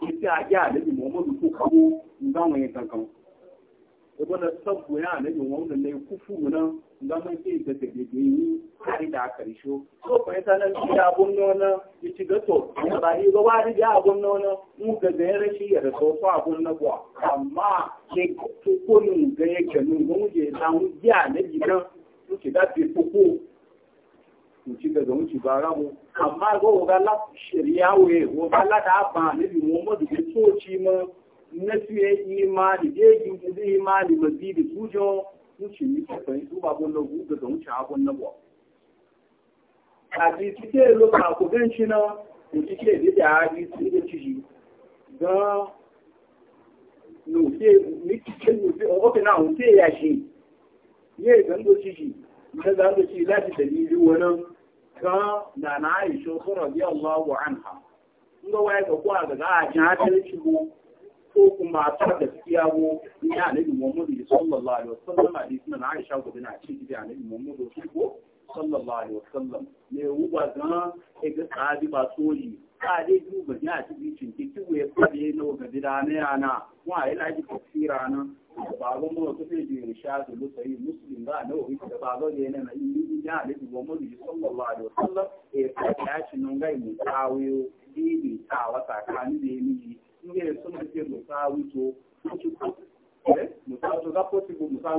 ni ya da kankan wani sabu ya na yin wani ne kufu na zaman ke da daga da karsho so fa ita nan shi abun nona ya ci gato ba ni ba wani da abun nona mu ga da rashi ya da so abun na gwa amma ke ko nun ga ya ke mu je da mu na gidan mu ci da bi kuku mu ci ga mu ci ba amma go ga la shari'a we go ba la da ba ne mu mu da so ci mu na tuye imani jeji zai imani mazidi tujo wuce yi kafin su ba gwanna guga ga wuce abun na buwa a jisike loka ku gan shi na jisike da da hari su da ciji ga nufe mikikin nufe na nufe ya shi ne zando ciji na zando ciji lati dalili wani ga na na aisha su rabi Allah wa anha. Nga waye ga kuwa ga ga a jin hatalin ko kuma ta da kiyawo ni annabi sallallahu alaihi wasallam na Aisha da annabi ko sallallahu alaihi wasallam ne zan e ga ba duba ya ci bicin ki ki we na yana ai laji tafsira nan muslim na da ne na yi ya annabi sallallahu alaihi wasallam e ya ci nun mu ta wata da ne sun wí tó tó ga pọ́sibò musa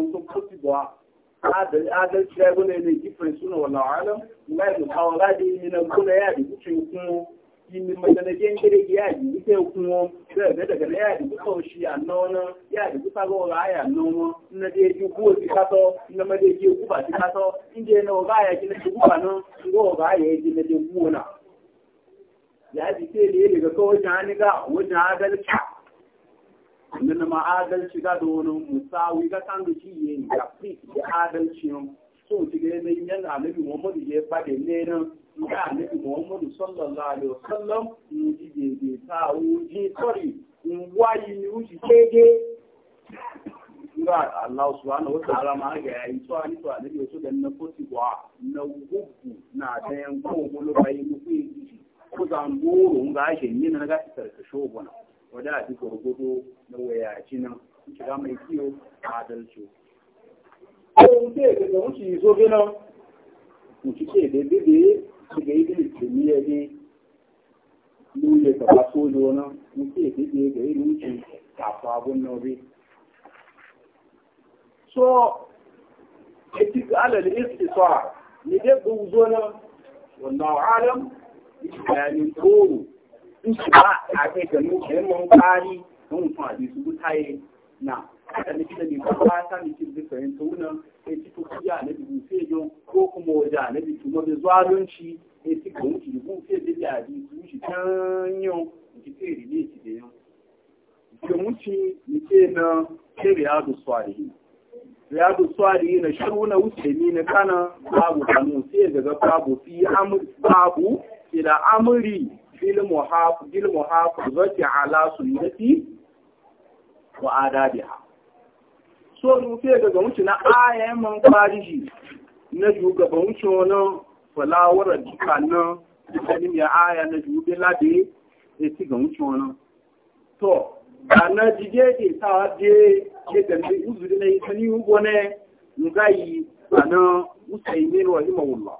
a adalci ya gune ne gifin suna ndị alam mai musawa ga na gune ya da kucin kun yini madanajen na ya da ita ya ya ga ya na na ya ga ya na ya ji na ya nuna ma adalci ga da wani musawi ga kan da shi yi ga fi da adalci yau so ti ga yanayin yan annabi muhammadu ya faɗi ne nan ga annabi muhammadu sallallahu alaihi wasallam in ji daidai ta wuji sorry in wayi ni wuji ga Allah subhanahu wa ta'ala ma ga yayi to ani to annabi so dan na koti wa na gugu na dan ko bulu bai mu fi zan buru ga shi ni na ga tarkasho shogona wadda a duka rubutu na wayaci nan shiga mai kiyo a adalci ohun tí èdè tó ń ṣe ìsókè náà òṣìṣẹ́ èdè bèbè ṣìgbẹ́ ìdí ìtìmí ẹni ló yẹ bàbá tó lọ náà ní tí èdè bèbè ìlú ìṣe àpò abúná rí so ètí alẹ́ ní ìsì sọ à ní dẹ́gbẹ̀ òwúzọ́ náà wọ̀nà àárẹ̀ ìgbà ẹni ìṣùgbà àti ìpẹ̀lú ẹ̀mọ̀ ń parí kari fún àdìsú táyé náà haka na da nima ba ta nake da fahimta wunan sai cika na dubu sai yau ko kuma wajen na dubu kuma da zalunci sai cika wuce dubu sai da jadi su shi can yau ki sai rine ki da yau ki wuce ni ke na ke riyadu swarihi riyadu swarihi na shiru na wuce ni na kana babu kanu sai daga babu fi amur babu ila amuri bil muhafazati ala sunnati wa adabiha so nu sai daga mutu na ayayen man fariji na shugaban wuce wani falawar dukkanin dukkanin ya aya na jube lade ya ci ga wuce wani to ba na jige ke ta je ke dambe uzuri na yi sani hugo ne nugayi a nan usaini rahimahullah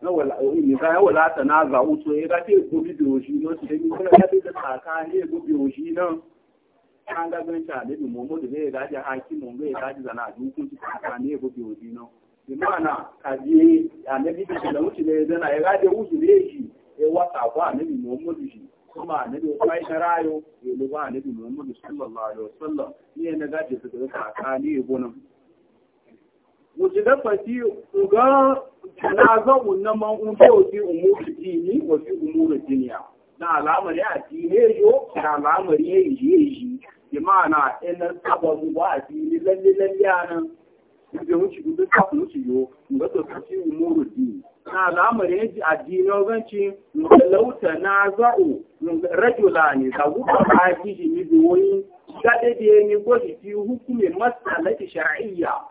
ìgbà wọ̀lá àtànáàzà òtò ẹgbà tí ègbò bíbí òjì náà ti lẹ́yìn kọ́lá lábẹ́ ìtàkà ní ègbò bí òjì náà kángágbẹ́ntà lẹ́bì mọ́mọ́dé ní ìdájá àìkí mọ̀ ní ìdájí zànà àdúgbò ti tàkà ní ègbò bí òjì náà ìmọ̀nà kàdí ànẹ́bí ti ṣẹlẹ̀ ó ti lẹ́ ẹ̀dẹ́nà ẹ̀rá jẹ́ wùsù léèjì a tàkọ́ ànẹ́bì mọ́mọ́dé jì kuma ànẹ́bì ọkọ̀ ìṣẹ́ra ayọ̀ èlò wa ànẹ́bì mọ́mọ́dé sọ́lọ̀ lọ́rọ̀ sọ́lọ̀ ní ẹ̀nẹ́gájẹ́ tẹ̀tẹ̀rẹ̀ kàkà ní ègbò náà na فتي na تنازع ونما أمبي وفي أمور الدين وفي أمور الدنيا na al'amari a dine yo da al'amari ya yi yi bi ma'ana ɗanar sababu ba a dini lalle lalle a nan da wuce gudu ta wuce yo ga tsotsoci umuru dini na al'amari ya ji a dini da lauta na za'u rajula ne da gudu ba a ji ni biyoyi gaɗe da ya ni gwada fi hukumin matsalaki shari'a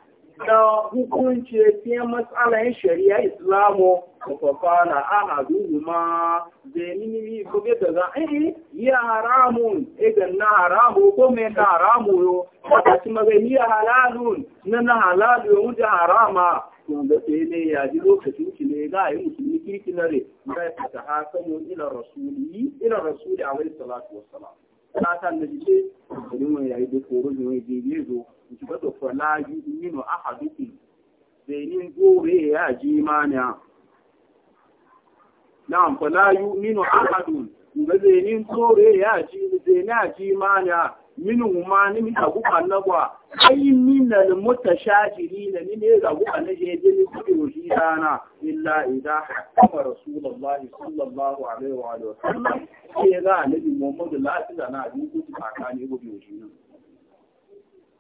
da hukunci cikin matsalar shari'a islamu kafana ahaduhuma zenini ko be daga eh ya haramun idan na haramu ko me na haramu yo ta kuma magani ya halalun na na halalu ya da harama to da sai ne ya ji lokacin ki ne ga yi musulmi kirki na re ga ta ta hakamu ila rasuli ila rasuli wani salatu salatu ta ta ne ji ko mai yayi da koro ne jirgin zo Na da fala yuminu ahadukum zainin gore ya ji mana na'am fala yuminu ahadun ga zainin gore ya ji máa ní àà nínú ma ní mi agu kanagwa ai minal mutashajirin ni ne ga gu kanaje je ni ku shi dana illa idha hakama rasulullah sallallahu alaihi wa sallam ke ga ta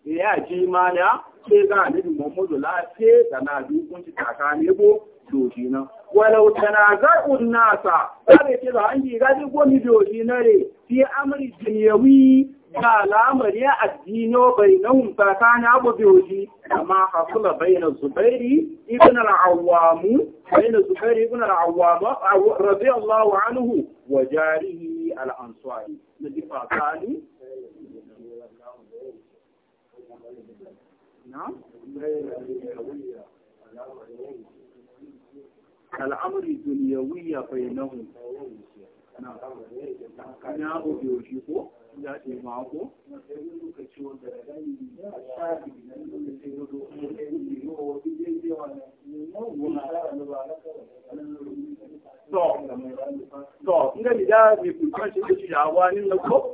ya ji mana sai ga annabi Muhammadu lafiya da na dukunci tsakanin bo doji na walau tanaza'un nasa kare ce da an giga ji gomi doji na re fi amri dunyawi da al'amari ya addino bai na hunta ta na abu doji amma hasula bai na zubairi ibn al'awamu bai na zubairi ibn al'awamu rabi Allah wa anhu wa jarihi al'ansuwari na jifa tsani الأمر الدنيوي بينهم na obiyo shi ko za ta yi mako to ko nga da mi kuka shi da shi da wani na ko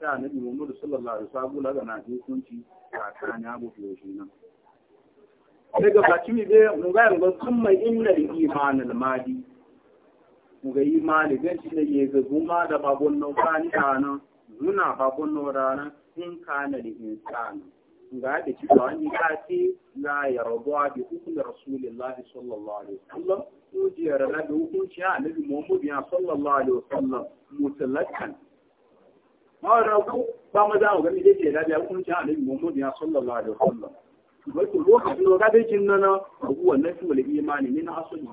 sai annabi Muhammad sallallahu alaihi wasallam laga na hukunci tsakanin abubuwa shi nan daga baci mi be mun ga yanzu sun mai inna li iman al madi mun ga imani dan shi ne ya ga guma da babon nan kani kana zuna babon nan rana in kana li insani ga da ci ba wani kace la ya rabuwa bi hukun rasulullahi sallallahu alaihi wasallam ko jiyar da hukunci annabi Muhammad ya sallallahu alaihi wasallam mutalakan ma rabu ba ma za a gani dai ke lafiya kun ci annabi Muhammad ya sallallahu alaihi wasallam wai ku lokaci da ga dai kin nana ku wannan su wal imani ne na asali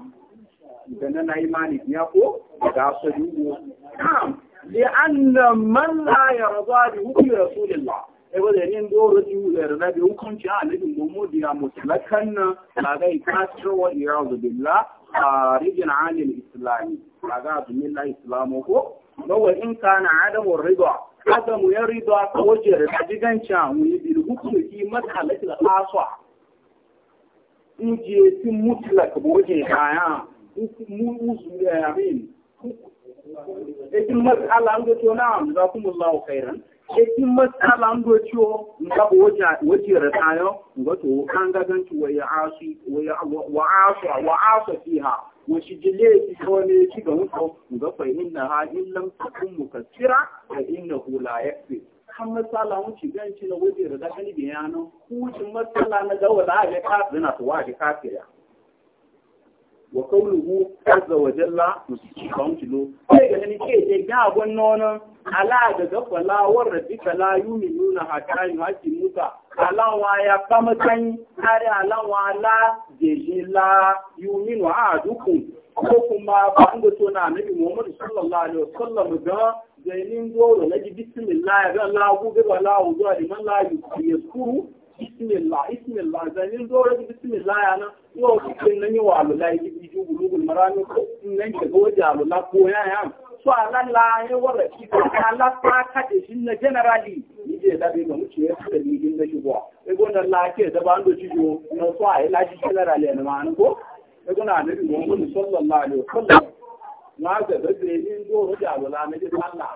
Idan na na imani ya ko da asali ko kam li anna man la yarda bi hukmi rasulillah eh, ai ba da yin doro ji da yarda bi hukunci annabi Muhammad ya mutlakan na ga ikasro wa iyadu billah خارج عن الإسلام فقال من الله إسلامه لو إن كان عدم الرضا Adam ya rido aka wace da jiganci mu yi bil hukmu fi mas'alati al-aswa in je ti mutlak bo je kaya mu uzu ya amin ekin mas'ala an do na amu za ekin mas'ala an do ciwo in ka wace wace da tayo ga to an ga ganci wa asu wa ya wa asu wa wasu jile ta wani ci ga mutu ga fahim na ha illan sakun mukassira da inna hula ya fi kan matsala wuce ganci na wajen da dakani da yana kucin matsala na gawa da aka kafin na tuwa da kafin ya wa qawluhu azza wa jalla musikon kilo sai ga ni ke je ga gwanno nono ala da gafala war rabbika la yu'minuna hatta yuhakimuka ala wa ya kama kan kare ala wa la je la yu'minu ahadukum ko kuma ba an gato na nabi Muhammad sallallahu alaihi wasallam ga zainin goro na ji bismillah ya ga Allah ku ga zuwa liman la yuskuru bismillah bismillah zanin dole da bismillah yana yau cikin nan yau alula yi bi ju gulugul marami ko nan daga waje alula ko ya ya so alan la ya ki ko ala fa ka de shin na generally ni je da be ga mu ce da ni din da shigo e gona la ke da ban do ci jo na so ai la ji generally na ma ko e gona ne mu sallallahu alaihi wasallam ma ga da ni do waje alula ne da Allah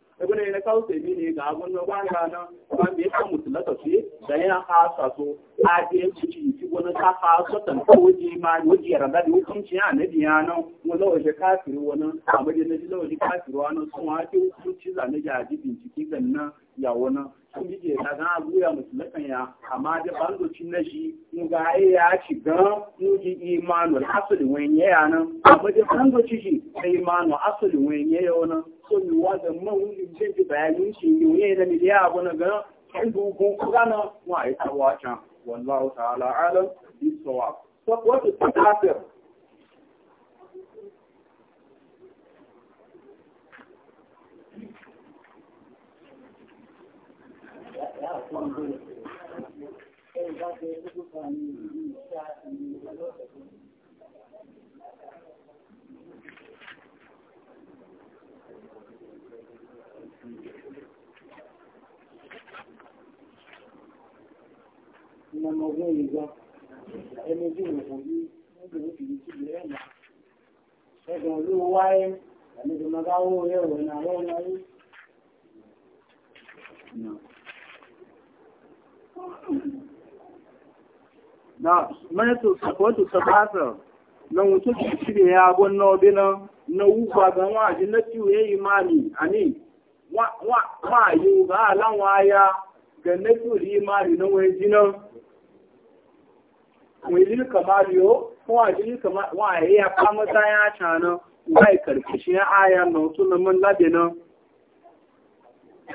ibn ne kawo sai mini ga abun nan ba ga nan ba me yasa mutulata da ya hasa so a je ciki ci wani ka hasa tan koji ma waje rada da hukunci ya nabi ya nan mu lawaje kafiri wani amma da nabi lawaje kafiri wani sun wa hukunci za ne ga ji bincike nan ya wani sun ke musu ya amma da na shi mu ga ya ci ga mu ji imanul asali wani ya nan amma da bandocin shi sai imanul asali wani ya nan so yiwuwa da man jin ji shi da miliya abu na gana kan ko kugana wa a yi tarwa wallahu ta'ala alam so ta Thank you. ìmọ̀nà ọgbọ́n na mana to wato sabasa na wuce ndị ya gwan na na na wufa ga wajen na ciwo ya yi mani a ne ndị yi ga na na wajen kamariyo wa ya iya famata ya cana wai karkashin aya na wasu na man labe nan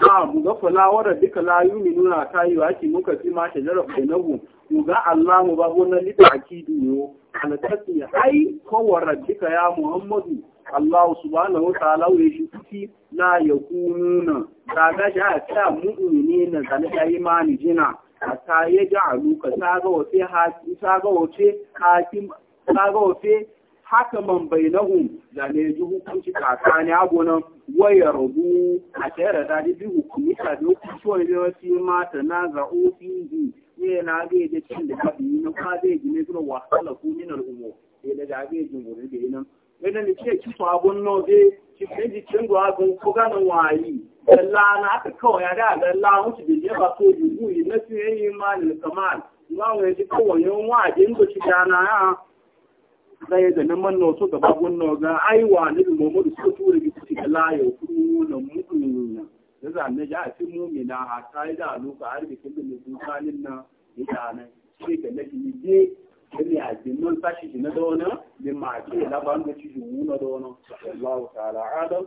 a ah, buga fulawar duka layu mai nuna kayu ake muka fi ma ta jarar bainahu ga allah mu ba gonar lita a kidiyo ai kowar duka ya muhammadu allah subhanahu wa ta'ala wa shi na yakununa ta gashi a ta mu'mini na zalika imani jina hatta ya ji aluka saga wafe hakaman bainahum da ne ji hukunci tsakani abunan waya rubu. a tsere da bi hukumi ta da hukunci wani da wasu mata na za'o fiye ne na zai da cin da yi na kuma zai ji ne zuwa wahala ku min al'ummo ne da ga zai ji muri da yi nan. Wani ne ce ki sabon nan zai ki fi jikin da ko ganin wayi Dalla na haka kawai ya da dalla wuce da ya ba so jugu yi na su yayi imanin kamal. Za mu yaji kawai yawan waje inda shi dana ya zai da nan manna wasu gaba gunna ga aiwa ne da Muhammadu suka tura bi su da layo ya Da a cikin mu'mina a ta yi da aluka har na ita nan. Sai ga nabi ne je da Allah ta'ala Adam,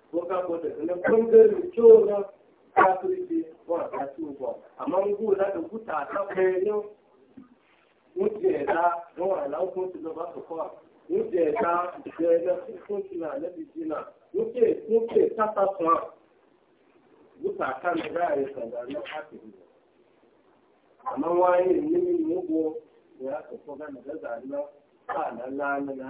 wọ́n kọ́ tẹ̀sán ní tí ó rán káàkiri di wọn àgbà tí ó bọ̀. ń gbó láti òkúta àtàkùn ẹni ń ti ẹ̀dá wọn àláwọ̀ fún ti lọ bá sọ̀kọ́ à. Ń ti ẹ̀dá ìjẹ ẹ̀dá fún ti nà lẹ́bi di nà. Ń ti ẹ̀kún ti ẹ̀káta kan à. Òkúta àkàmì láàrin sàgbà ní káàkiri. Àmọ́ wọ́n á yẹ níbi ìmúgbó ìyá sọ̀kọ́ gánà gẹ́gà náà. Káà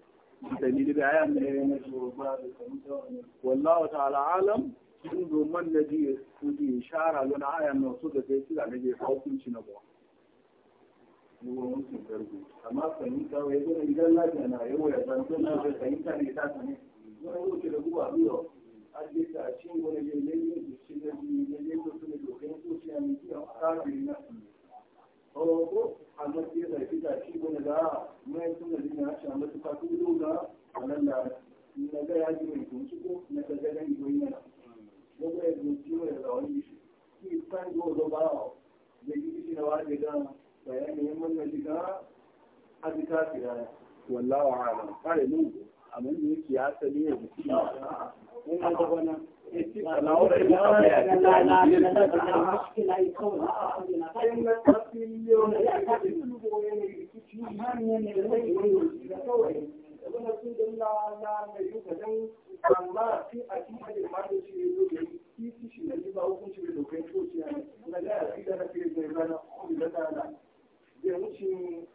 dalili da ayan da ya yi wallahu ta'ala alam sun domin da ji su ji ishara lona ayan su da sai da nage na ba amma wai idan yau ya san na ne ta wani da guba biyo da su ne su a mikiyan na ko amma sai da kita shi wani da mai sun da dina shi amma su ka tudu da anan da na ga ya ji mai tunci ko na ga ga ni goyi na ko ga da wani shi ki san go do ba da yi shi na wani da bayani yan wannan shiga a jika kira wallahu a'lam kare lungu amma ne ki asali ya ji in ga bana 老的，老的，来来来，来来来，来一口啊！他应该不适应了呀。他就是如果要那个，你看人家那个，人家稍微，那么初中那那那有学生，上班，一天还得买点东西，一天一天的就把我工资都给出去了。那那，现在那些那些那些，现在呢，年轻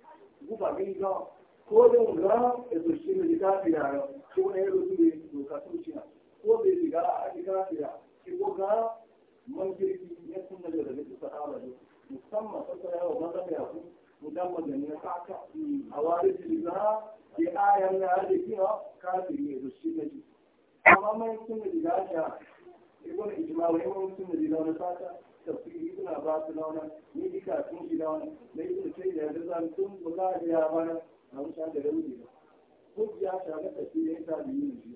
五百米高，高中呢，就是学的这个专业，去年录取录取多少？我弟弟啊。kafira ki goga man kirki ya sunna da daga sahaba da musamman sai yawa maza da ku musamman da ne a wari jilza ki ayan da kiwa kafiri da shi ne amma sunna da ga ibn ijma'u ibn sunna da tafsiri ni dika sun shi ne da zan ya bana na da rubi ko ya ne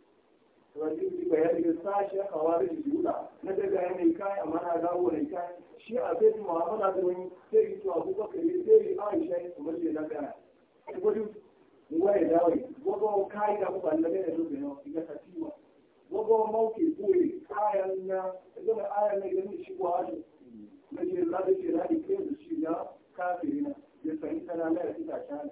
wani yi bayanin sashi a kawar da na daga yanayi kai a mana dawo da kai shi a sai su mu'amala da wani sai yi tuwa ko baka yi sai yi aisha yi kuma ce na gana gudu wani dawai gogo kai da kuma na gane su bino ga fatima gogo kayan na zama ayan na gani shi ko hadu na je za ta ce da shi na kafirina ya sani na ya fita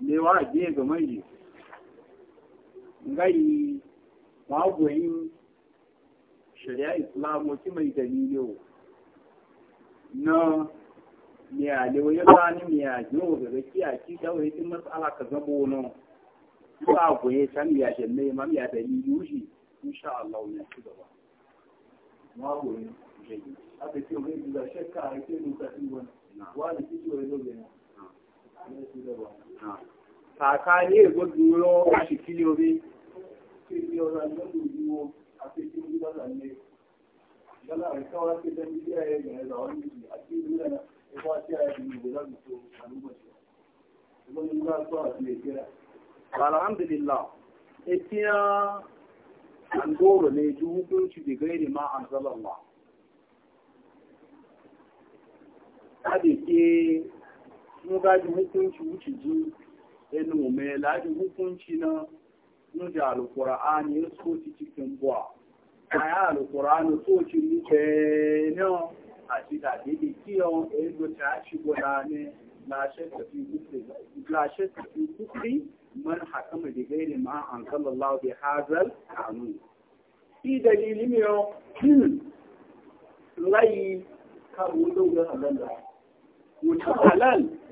mewa biye ga manje ngai yin shari'a islamu ki mai dalilo na miyalewa ya bani miyajo ga gaskiya ki dawai tin masala ka zabo no ba goye san ya me, ma miya dalilo shi insha Allah ya ci gaba magoyin jeji a ta ce mai da shekka a ke duka ɗin wani wani kici wani ga na Kàkà ní ègbòdù lọ oṣù kí ní orí. Kí ní ọ̀rọ̀ àjọ́dù ìwò àti kí ní lọ́la ní ìjọba rẹ̀ kọ́ wá sí ẹni tí ẹ̀yẹ ìrìn àwọn ìlú àti ìlú ẹ̀nà ẹ̀kọ́ àti ẹ̀yẹ ìlú lọ́dún tó àdúgbò ṣe. Ìgbọ́n ní ìgbà tó àti lè kẹ́ra. Alhamdulillah, etiya mu gaji hukunci wuce ji inu mai laji hukunci na nuna alkur'ani ya ci cikin buwa a yi alkur'ani soci ni kenan a ti dàbí bí kí ọ èlò tí a ṣe gbọ́dá ní láṣẹ́ tàbí kúkúrí man hakama da gairi ma an kallallahu bi hazal kanu shi dalilin yau layi karu da wurin halal da wuce halal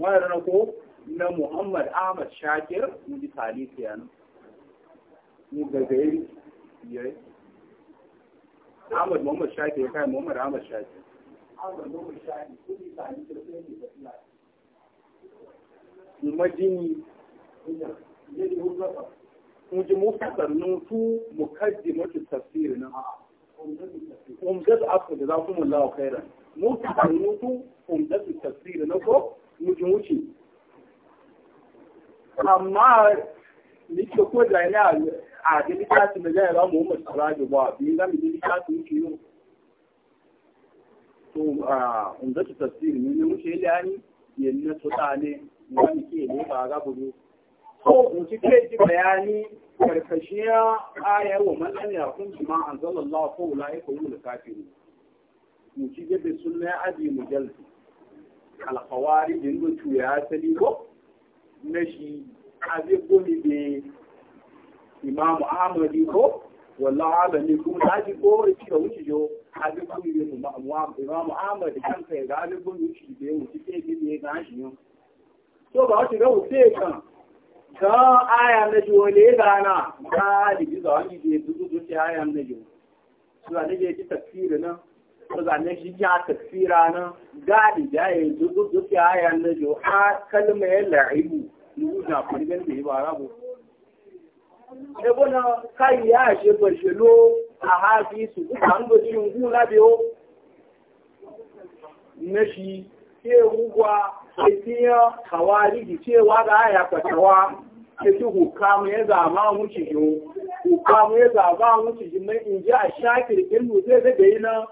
wannan ko na Muhammad Ahmad Shakir mu ji talisi yana mu gagayi yayi Ahmad Muhammad Shakir kai Muhammad Ahmad Shakir Ahmad Muhammad Shakir ku ji talisi da sai majini kun ji mukasar nutu mukaddimatu tafsir nan umzatu afu da za ku mullawa khairan mukasar nutu mujin wuce amma ni ke ko da yana a da littafi da zai ramu umar sarajo ba bi na mu littafi muke yau to a inda ta tafsiri ne wuce ya ni yanne to ta ne wani ke ne ba ga budu ko in ci ke ji bayani karkashiya ayar wa man lam yakun bima anzalallahu fa ulai ka hum al-kafirun in ci gabe sunna adi mujallid alkhawari din do tu ya sali ko na shi abin gumi be imam ahmad ko wallahi alani kuma daji ko ci da wuce jo abin gumi be imam ahmad kan kai ga aje gomi ci ya wuce ke bi ne ga shi yo to ba shi ga wuce kan ga aya na jo ne gana ga di za ni je dudu dudu aya na jo su da ne ji tafsir nan zane shi ya tafsira nan gadi da ya yi duk ya ya na jo a kalma ya la'ibu dubu na kwanigan da ya ba rabu ebo na kai ya she bashelo a hafi su duk an go cikin ku biyo? na shi ke rugwa ke tiya kawari ki cewa ga ya kwatawa ke ci hukamu ya zama mu shi yo hukamu ya zama mu shi mai in ji a shakir ilmu zai zai da yi na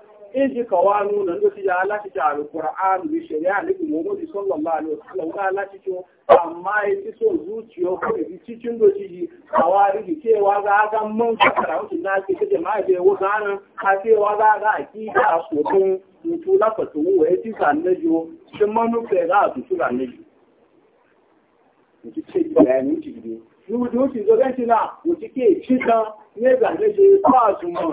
ìjì kọwàánú na ndóti ya láti jẹ alùkùránù ìṣẹ̀lẹ̀ àlébì mọ́mọ́dì sọ́lọ̀lá alùkùránù láti jọ àmá etí tó zúútì ọkùnrin bí títí ndóti yìí àwọn arìgì tí ci gága mọ́n kàkàrà ó ti náà ti kéde máa bẹ owó gánà àti wá gága àti ìdá àsòkún nítorí lápẹ̀tò owó ẹ̀ tí sànẹ́jọ ṣe mọ́nú pẹ̀ rà àtúntò sànẹ́jọ. Ìjì tí ìgbà ẹ̀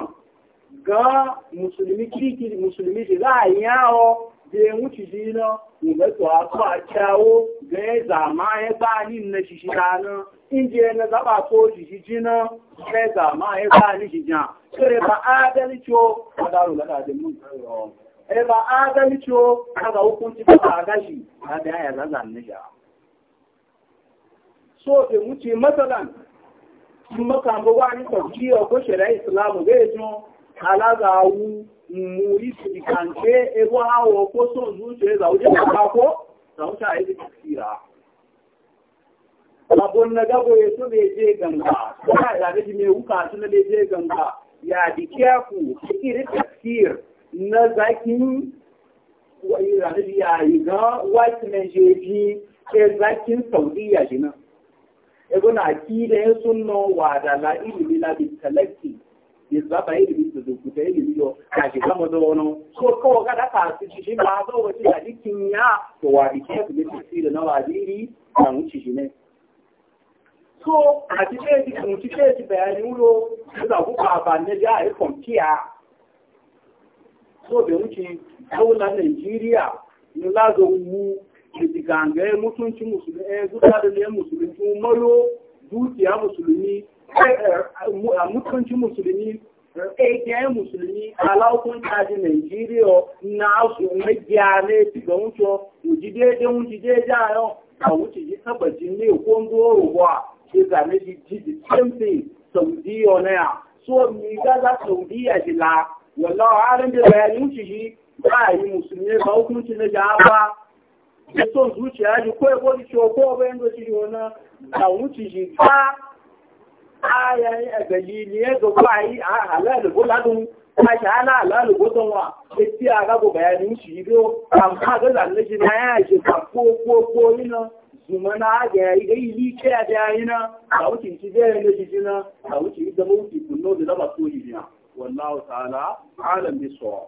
ga musulmi kirki musulmi shi za a yawo da ya wuce shi na ga tsawa ko a kyawo ga ya zama ya ba ni na shi shi na inje na zaba ko shi shi ji na ya zama ya ba ni shi jan kare ba adalci a daru da da mun eh ba adalci o kaga hukunci ba a gashi na da ya zazan ni ja so da wuce masalan sun makambo wani kwanciya ko shari'a islamu zai zo kalaga awu muri sikante ego hawo ko son zuce za uje ka ko za uta yi tsira abun na bo ya so je ganga kuma ya ga me wuka tun da je ganga ya dike ku cikin tafsir na zakin wai ya ya ga white man je bi ke zakin saudiya jinan ego na ki da sunno wa da la ilmi la bi talaki baba ilimi tuzukuta ilimi yo kashi kama zono so ko kada ka su shi ba zo wace da dikin ya to wa bi ke bi tsira na waziri kan wuce shi ne so a ce bayani ku so wuce Nigeria ni lazo ti gangaye mutunci musulmi eh zuwa da ne musulmi kuma musulmi Eh, eh, mutuncin musulmi ƙaiƙiyayen eh, musulmi alaukun taji nigeria na su na gyane ga wuce ujide da ujide jayo a wuce ji tabbacin ne kongo ruwa ke zane shi ji the same saudiya na ya so mi gaza saudiya shi la wallahu halin da bayani wuce shi ba yi musulmi ba hukunci na jaba ya son zuciya shi ko ya ko shi ko bayan da yi yana a wuce shi ba ayayin a galili ya ga kwayi a halal guladun kuma shi ana halal gudun wa ya ci a rabu bayanin shi biyo kan kaga zalle shi na ya shi ka ko ko ko ina zuma na ga yayi ga ili ke da yayi na a wuce shi da yana shi jina a wuce da mawuce kunno da laba so yi na wallahu ta'ala alam bi sawa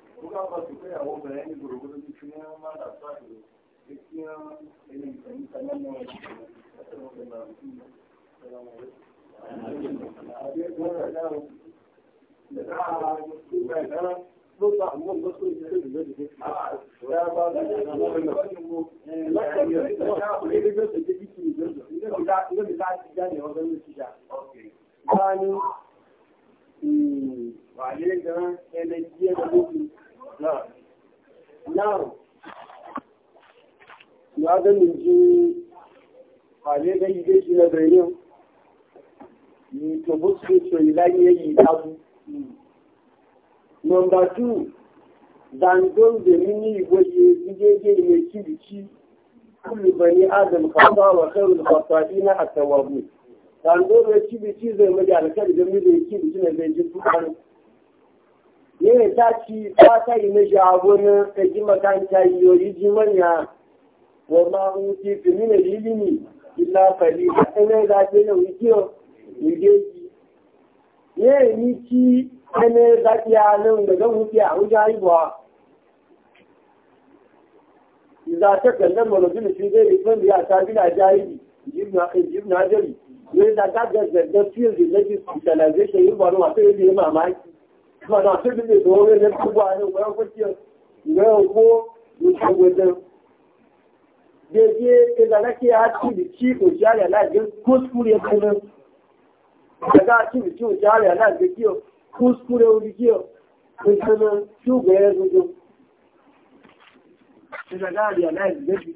ó kápá sí pé àwọn obìnrin ní gbòrògbò tó ti fi ní wọn máa dàgbà ìlú pé kí wọn ẹni ìtẹ̀yìn kan náà wọn ti fi ẹsẹ̀ wọn bẹ̀rẹ̀ àwọn na'am na ga min ji hale da yi shi na bayanin yi to buske to ilan ya yi abu number two zandon da mini gwaje gidege mai kirici kullu bani adam kama wa khairul fasaina at-tawwabun zandon da kirici zai mai alkhairi da mini kirici na zai ji dukkan ne ta ci ba ta yi na shagonin ta ji makanta yiwuwa ji manya wa ma'un ti fi nuna ilimi illa fari a ɗanar zafi na wikiyo wigeji ne ni ci ɗanar zafi a nan zan wuce a wuce haihuwa إذا تكلم رجل في غير فن يا سابيل جاهلي جبنا جبنا ta وإذا تكلم في الذي specialization يبقى له ما تقول لي ما mana tó lè lọ rẹ̀ lẹ́ gbogbo ààrẹ ìwọ̀n fọ́tíọ̀ ìwẹ́ owó ìṣàgbẹ̀dẹ̀ dédé ìdàlẹ́kì àtìlì tí kò a àrẹ̀ aláìgbé kúskúrẹ́ kúrẹ́ ìdàgá àtìlì tí kò sí àrẹ̀ aláìgbé kí ọ kúskúrẹ́ orí kí ọ ìṣẹ́nà tí ó bẹ̀rẹ̀ gbogbo ìdàgá àrẹ̀ aláìgbé kí